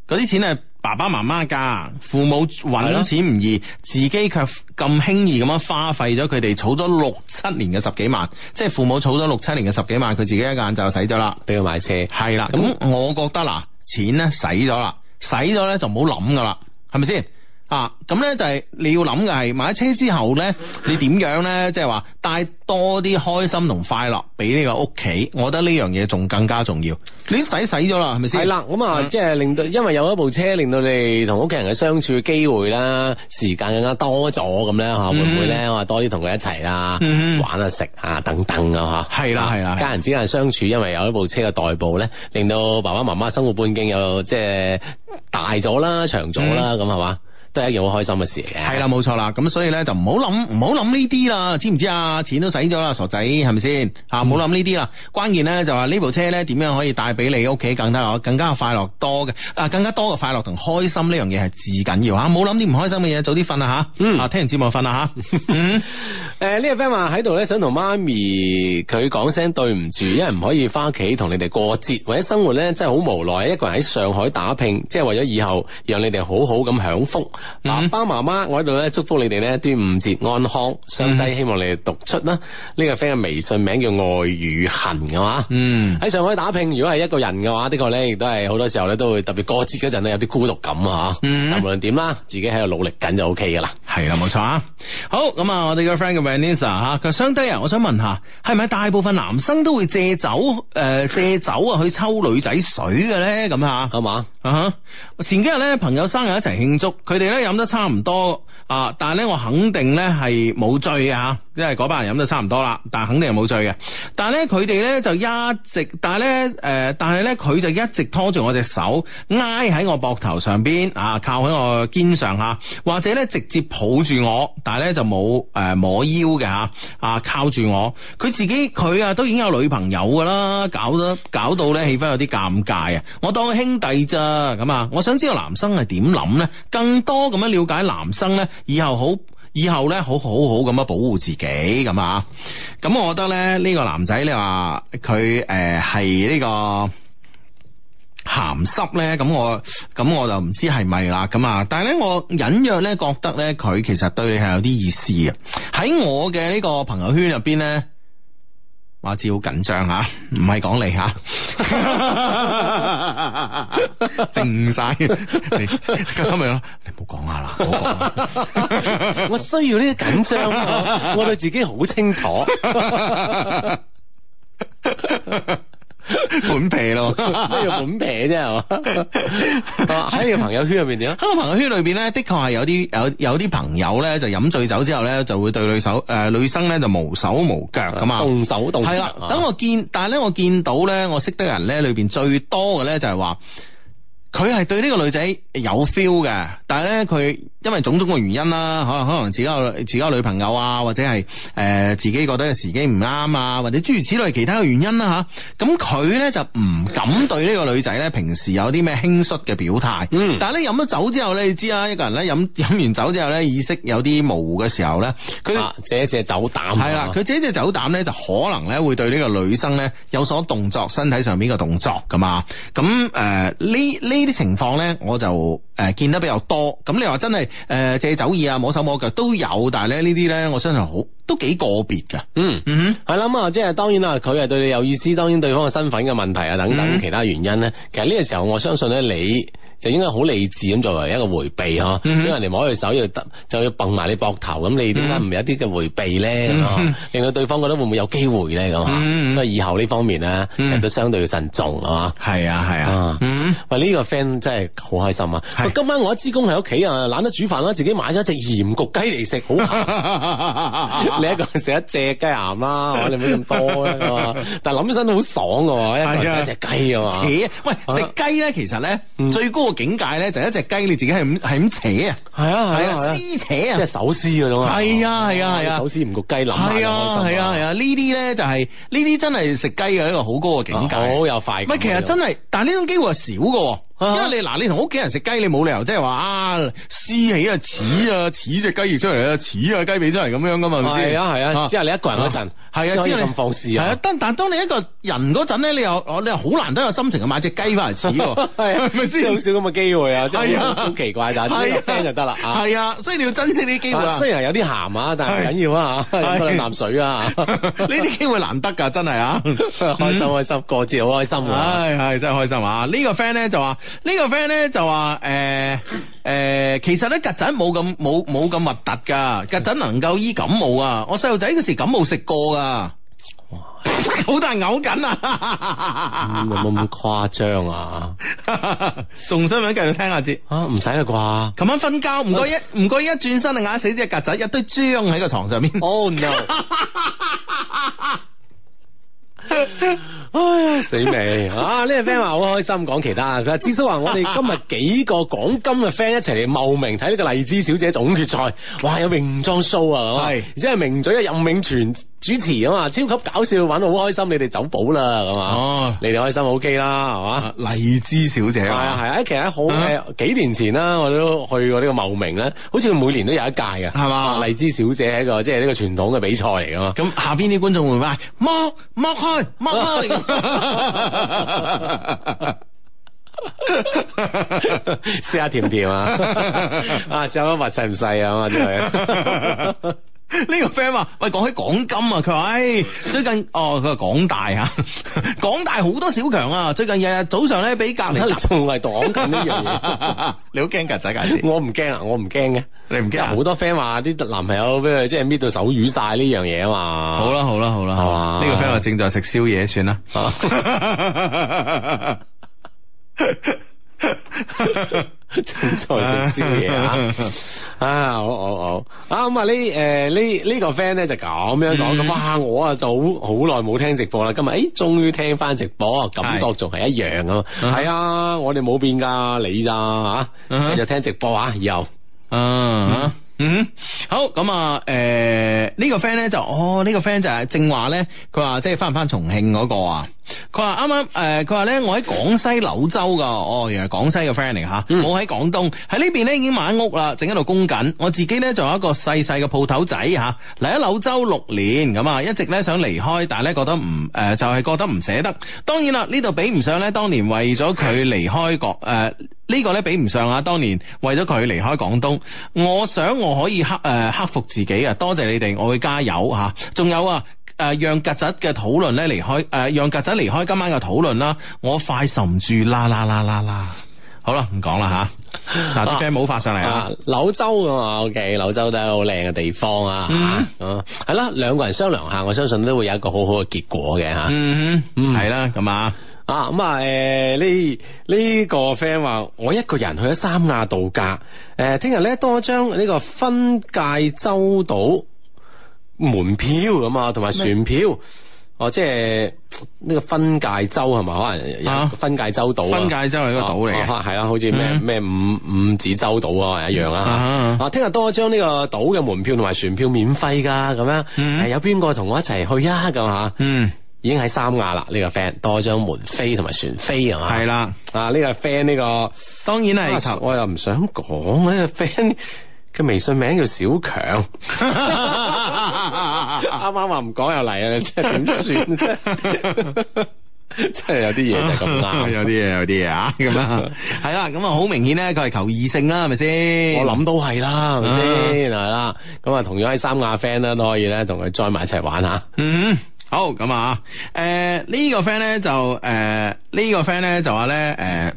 嗰啲錢係。爸爸媽媽噶父母揾錢唔易，的自己卻咁輕易咁樣花費咗佢哋儲咗六七年嘅十幾萬，即係父母儲咗六七年嘅十幾萬，佢自己一眼就使咗啦，畀佢買車。係啦的，咁我覺得嗱，錢呢使咗啦，使咗呢就唔好諗噶啦，係咪先？啊，咁咧就係你要諗嘅係買咗車之後咧，你點樣咧，即係話帶多啲開心同快樂俾呢個屋企？我覺得呢樣嘢仲更加重要。你使使咗啦，係咪先？係啦，咁啊，即係令到，因為有一部車，令到你同屋企人嘅相處嘅機會啦，時間更加多咗咁咧，嗬，會唔會咧？我話、嗯、多啲同佢一齊、嗯、啊，啊，玩下食啊等等啊，吓，係啦係啦，家人之間相處，因為有一部車嘅代步咧，令到爸爸媽媽生活半徑又即係大咗啦、長咗啦，咁係嘛？都係一件好開心嘅事。係啦，冇錯啦，咁所以咧就唔好諗，唔好諗呢啲啦，知唔知啊？錢都使咗啦，傻仔係咪先？吓，唔好諗呢啲啦。關鍵咧就話呢部車咧點樣可以帶俾你屋企更加、更加快樂多嘅，啊，更加多嘅快樂同開心呢樣嘢係至緊要啊！冇諗啲唔開心嘅嘢，早啲瞓啦吓。嗯，啊、 呃，聽完節目瞓啦吓。誒，呢個 friend 話喺度咧，想同媽咪佢講聲對唔住，因為唔可以翻屋企同你哋過節，或者生活咧真係好無奈，一個人喺上海打拼，即係為咗以後讓你哋好好咁享福。嗯、爸爸媽媽，我喺度咧祝福你哋咧，端午節安康。雙低希望你哋讀出啦。呢、嗯、個 friend 嘅微信名叫愛與恨嘅嘛。嗯，喺上海打拼，如果係一個人嘅話，的確咧亦都係好多時候咧都會特別過節嗰陣咧有啲孤獨感啊。但、嗯、無論點啦，自己喺度努力緊就 O K 噶啦。係啦，冇錯啊。好，咁啊，我哋個 friend 嘅 Vanessa 吓，佢雙低啊，我想問下，係咪大部分男生都會借酒誒、呃、借酒啊去抽女仔水嘅咧？咁啊，好嘛？啊吓，uh huh。前幾日咧，朋友生日一齊慶祝，佢哋咧飲得差唔多。啊！但係咧，我肯定咧係冇醉嘅，因為嗰班人飲得差唔多啦。但係肯定係冇醉嘅。但係咧，佢哋咧就一直，但係咧，誒，但係咧，佢就一直拖住我隻手，挨喺我膊頭上邊啊，靠喺我肩上吓，或者咧直接抱住我，但係咧就冇誒、呃、摸腰嘅吓啊，靠住我。佢自己佢啊都已經有女朋友噶啦，搞得搞到咧氣氛有啲尷尬啊！我當佢兄弟咋咁啊？我想知道男生係點諗咧，更多咁樣了解男生咧。以後好，以後咧好好好咁樣保護自己咁啊！咁我覺得咧呢個男仔，你話佢誒係呢個鹹濕咧，咁我咁我就唔知係咪啦咁啊！但係咧，我隱約咧覺得咧佢其實對你係有啲意思嘅。喺我嘅呢個朋友圈入邊咧。我知好緊張吓，唔係講你吓，靜、啊、晒， 你夠心咪咯，你唔好講下啦， 我需要呢啲緊張，我對自己好清楚。 本皮屁咯了，咩 叫 本皮啫係嘛？喺 你個朋友圈入邊點啊？喺我朋友圈裏邊咧，的確係有啲有有啲朋友咧，就飲醉酒之後咧，就會對女手誒女生咧就毛手毛腳噶嘛，動手動腳啦。等、嗯、我見，但係咧我見到咧，我識得人咧，裏邊最多嘅咧就係話。佢係對呢個女仔有 feel 嘅，但係呢，佢因為種種嘅原因啦，可能可能自己有自己個女朋友啊，或者係誒、呃、自己覺得嘅時機唔啱啊，或者諸如此類其他嘅原因啦吓，咁、啊、佢呢就唔敢對呢個女仔呢平時有啲咩輕率嘅表態。嗯，但係咧飲咗酒之後呢，你知啦，一個人呢飲飲完酒之後呢意識有啲模糊嘅時候呢，佢借借酒膽係啦，佢借借酒膽呢就可能呢會對呢個女生呢有所動作，身體上面嘅動作噶嘛。咁誒呢呢。呃呢啲情況呢，我就誒見得比較多。咁你話真係誒、呃、借酒意啊，摸手摸腳都有。但係咧呢啲呢，我相信好都幾個別嘅。嗯嗯，係啦、嗯哼，咁即係當然啦，佢係對你有意思。當然對方嘅身份嘅問題啊，等等其他原因呢，嗯、其實呢個時候，我相信呢，你。就應該好理智咁作為一個迴避嗬，俾人哋摸佢手要突就要掟埋你膊頭咁，你點解唔係一啲嘅迴避咧咁啊？令到對方覺得會唔會有機會咧咁啊？所以以後呢方面咧，人都相對要慎重啊！係啊係啊，喂呢個 friend 真係好開心啊！今晚我一支公喺屋企啊，懶得煮飯啦，自己買咗一隻鹽焗雞嚟食，好鹹。你一個人食一隻雞鹹啦，你唔好咁多啊！但諗起身都好爽喎，一個人食隻雞啊嘛～而且喂食雞咧，其實咧最高境界咧就係一隻雞你自己係咁係咁扯啊，係啊係啊撕扯啊，即係手撕嗰種啊，係啊係啊係啊，手撕唔焗雞腍，係啊係啊係啊，呢啲咧就係呢啲真係食雞嘅一個好高嘅境界，好有快。唔係其實真係，但係呢種機會係少嘅。因為你嗱，你同屋企人食雞，你冇理由即係話撕起啊，似啊，似隻雞翼出嚟啊，似啊雞髀出嚟咁樣噶嘛，係咪？係啊係啊，只係你一個人嗰陣，係啊，只先咁放肆啊，但但當你一個人嗰陣咧，你又你又好難得有心情去買隻雞翻嚟似喎，咪先有少咁嘅機會啊，真係好奇怪，但係呢個 friend 就得啦，係啊，所以你要珍惜呢啲機會啊，雖然有啲鹹啊，但係唔緊要啊，飲多一啖水啊，呢啲機會難得噶，真係啊，開心開心，過節好開心，唉，係真開心啊，呢個 friend 咧就話。呢個 friend 咧就話誒誒，其實咧曱甴冇咁冇冇咁核突噶，曱甴能夠醫感冒，感冒哇 啊！我細路仔嗰時感冒食過噶，好大嘔緊啊！有冇咁誇張啊？仲想唔想繼續聽下先啊，唔使啦啩？琴晚瞓覺唔覺一唔覺一轉身啊，咬死隻曱甴，一堆漿喺個床上邊。Oh no！ 哎、死未啊！呢、 啊這個 friend 話好開心，講其他佢話，志叔話我哋今日幾個廣金嘅 friend 一齊嚟茂名睇呢個荔枝小姐總決賽，哇有泳裝 show 啊，係是，即係名嘴任永全主持啊嘛，超級搞笑，玩到好開心，你哋走寶啦咁啊，哦，你哋開心 o、OK、k 啦係嘛，荔枝小姐係啊係 啊，啊，其實好、啊、誒， 幾年前啦、啊，我都去過呢個茂名啦。好似每年都有一屆嘅係嘛，吧荔枝小姐係一個即係呢個傳統嘅比賽嚟噶嘛，咁 下邊啲觀眾會唔會摸摸？摸摸媽，試下甜唔甜啊？ 啊，就一話細唔細啊嘛，就係。 呢個 friend 話喂，講起港金啊，佢話、哎、最近哦佢話港大啊，港大好 多小強啊，最近日日早上咧，俾隔籬仲係擋緊呢樣嘢，你好驚格仔格我唔驚啊， 我唔驚嘅，你唔驚啊？好多 friend 話啲男朋友俾佢，即係搣到手瘀晒呢樣嘢啊嘛，好啦好啦好啦，嘛吧。呢吧個 friend 話正在食宵夜算啦。 正 在食宵夜啊！ 啊，好，好，好，好啊！咁啊，呢、呃，誒，呢、這個，呢個 friend 咧就咁樣講，咁啊，我啊就好，好耐冇聽直播啦，今日，誒，終於聽翻直播，感覺仲係一樣咯、啊，係、嗯、啊，我哋冇變噶，你咋吓？又、啊嗯、聽直播啊？又、嗯、啊？嗯好，咁啊，誒，呢個 friend 咧就，哦，這個就是、呢個 friend 就係正話咧，佢話即係翻唔翻重慶嗰個啊？佢話啱啱誒，佢話、呃、呢，我喺廣西柳州噶，哦，原來廣西嘅 friend 嚟吓，冇喺廣東喺呢邊呢，已經買了屋啦，正喺度供緊，我自己呢，仲有一個細細嘅鋪頭仔吓，嚟喺柳州六年咁啊，一直呢想離開，但係呢覺得唔誒、呃、就係、是、覺得唔捨得。當然啦，呢度比唔上呢。當年為咗佢離開廣誒呢個呢比唔上啊，當年為咗佢離開廣東，我想我可以克誒克服自己啊！多謝你哋，我會加油吓，仲有啊。誒，讓曱甴嘅討論咧離開，誒，讓曱甴離開今晚嘅討論啦。我快受唔住啦啦啦啦啦，好啦，唔講啦吓。嗱、啊，啲 friend 冇發上嚟啊！柳州㗎嘛，OK，柳州都係好靚嘅地方、嗯、啊。嗯，係、嗯、啦，兩個人商量下，我相信都會有一個好好嘅結果嘅吓。嗯哼，係、這、啦、個，咁啊，啊咁啊，誒呢呢個 friend 話我一個人去咗三亞度假。誒，聽日咧多張呢個分界洲島。門票咁啊，同埋船票，麼哦，即係呢個分界洲係咪？可能有分界洲島，啊，分界洲係一個島嚟嘅，係啦，啊，好似咩咩五五指洲島啊一樣啦，嗯、啊，聽日多張呢個島嘅門票同埋船票免費噶，咁樣，嗯啊、有邊個同我一齊去啊？咁吓，嗯，已經喺三亞啦，呢、這個 friend 多張門飛同埋船飛，嗯、啊，係啦，啊呢個 friend 呢個，當然係，啊，我又唔想講呢、這個 friend。佢微信名叫小強 啱啱話唔講又嚟啊！真係點算啫？真係有啲嘢就係咁啊！ 有啲嘢，有啲嘢啊！咁啊，係啦，咁啊，好明顯咧，佢係求異性啦，係咪先？我諗都係啦，係咪先係啦？咁啊，同樣喺三亞 friend 啦，都可以咧，同佢 join 埋一齊玩下。嗯，好咁啊！誒，呃這個呃這個呃、呢個 friend 咧就誒，呢個 friend 咧就話咧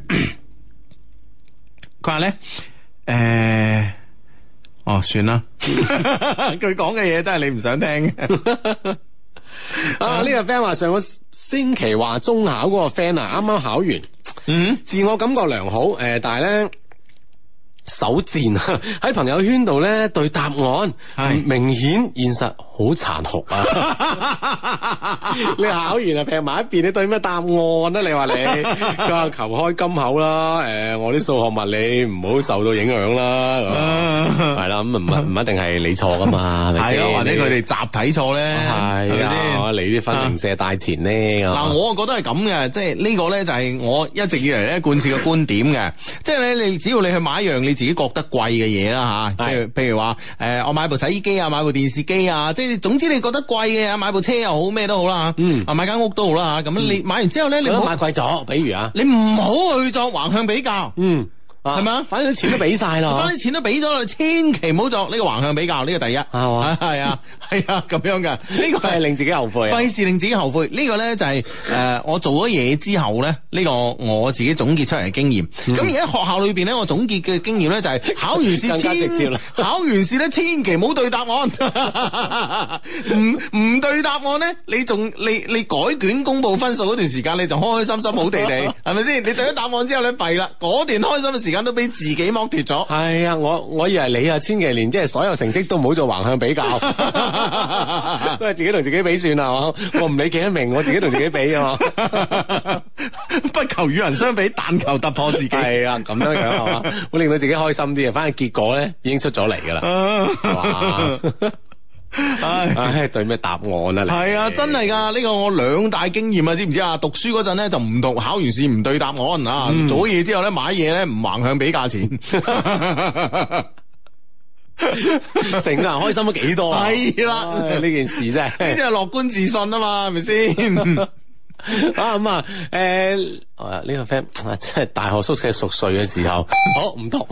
誒，佢話咧誒。哦，算啦，佢講嘅嘢都係你唔想聽嘅。啊，呢個 friend 話上個星期話中考嗰個 friend 啊，啱啱考完，嗯、mm，hmm。自我感覺良好，誒、呃，但係咧。手賤喺朋友圈度咧對答案，是明顯現實好殘酷啊！ 你考完啊劈埋一邊，你對咩答案啊？你話你，咁啊求開金口啦！誒、呃，我啲數學物理唔好受到影響啦，係、呃、啦，咁唔唔一定係你錯噶嘛，係咪 或者佢哋集體錯咧，係咪、 啊 哎、你啲分零舍大錢咧？嗱、 啊，我覺得係咁嘅，即係呢個咧就係我一直以嚟咧貫徹嘅觀點嘅， 即係咧，你只要你去買一樣你。自己覺得貴嘅嘢啦吓？譬如譬如話誒，我買部洗衣機啊，買部電視機啊，即係總之你覺得貴嘅，買部車又好咩都好啦吓，啊、嗯、買間屋都好啦吓？咁你買完之後呢，嗯、你唔好買貴咗，比如啊，你唔好去作橫向比較。嗯係咪？啊、嗎反正啲錢都俾晒啦，是反正啲錢都俾咗啦，是千祈唔好作呢個橫向比較，呢、這個第一係嘛？係啊，係啊，咁、 啊啊、樣嘅呢、這個係令自己後悔，費事令自己後悔。這個、呢個咧就係、是、誒、呃，我做咗嘢之後咧，呢、這個我自己總結出嚟嘅經驗。咁、嗯、而家學校裏邊咧，我總結嘅經驗咧就係、是、考完試千， 更加直接啦考完試咧千祈唔好對答案，唔 唔對答案咧，你仲你你，你，你改卷公布分數嗰段時間，你就開開心心好地地，係咪先？你對咗答案之後咧弊啦，嗰段開心嘅時間。都俾自己剝奪咗。係啊、哎，我我以為你啊，千祈連即係所有成績都唔好做橫向比較， 都係自己同自己比算啦，好？我唔理幾多名，我自己同自己比，啊嘛。不求與人相比，但求突破自己。係 啊， 咁樣樣係嘛，會令到自己開心啲啊。反正結果咧已經出咗嚟噶啦。 唉，對咩答案啊？係啊，真係噶，呢個我兩大經驗啊，知唔知啊？讀書嗰陣咧就唔讀，考完試唔對答案啊，做嘢之後咧買嘢咧唔橫向比價錢，成日開心咗幾多啊？係啦，呢件事啫，呢啲係樂觀自信啊嘛，係咪先？啊咁啊，誒，呢個 friend，即係大學宿舍熟睡嘅時候，好唔同。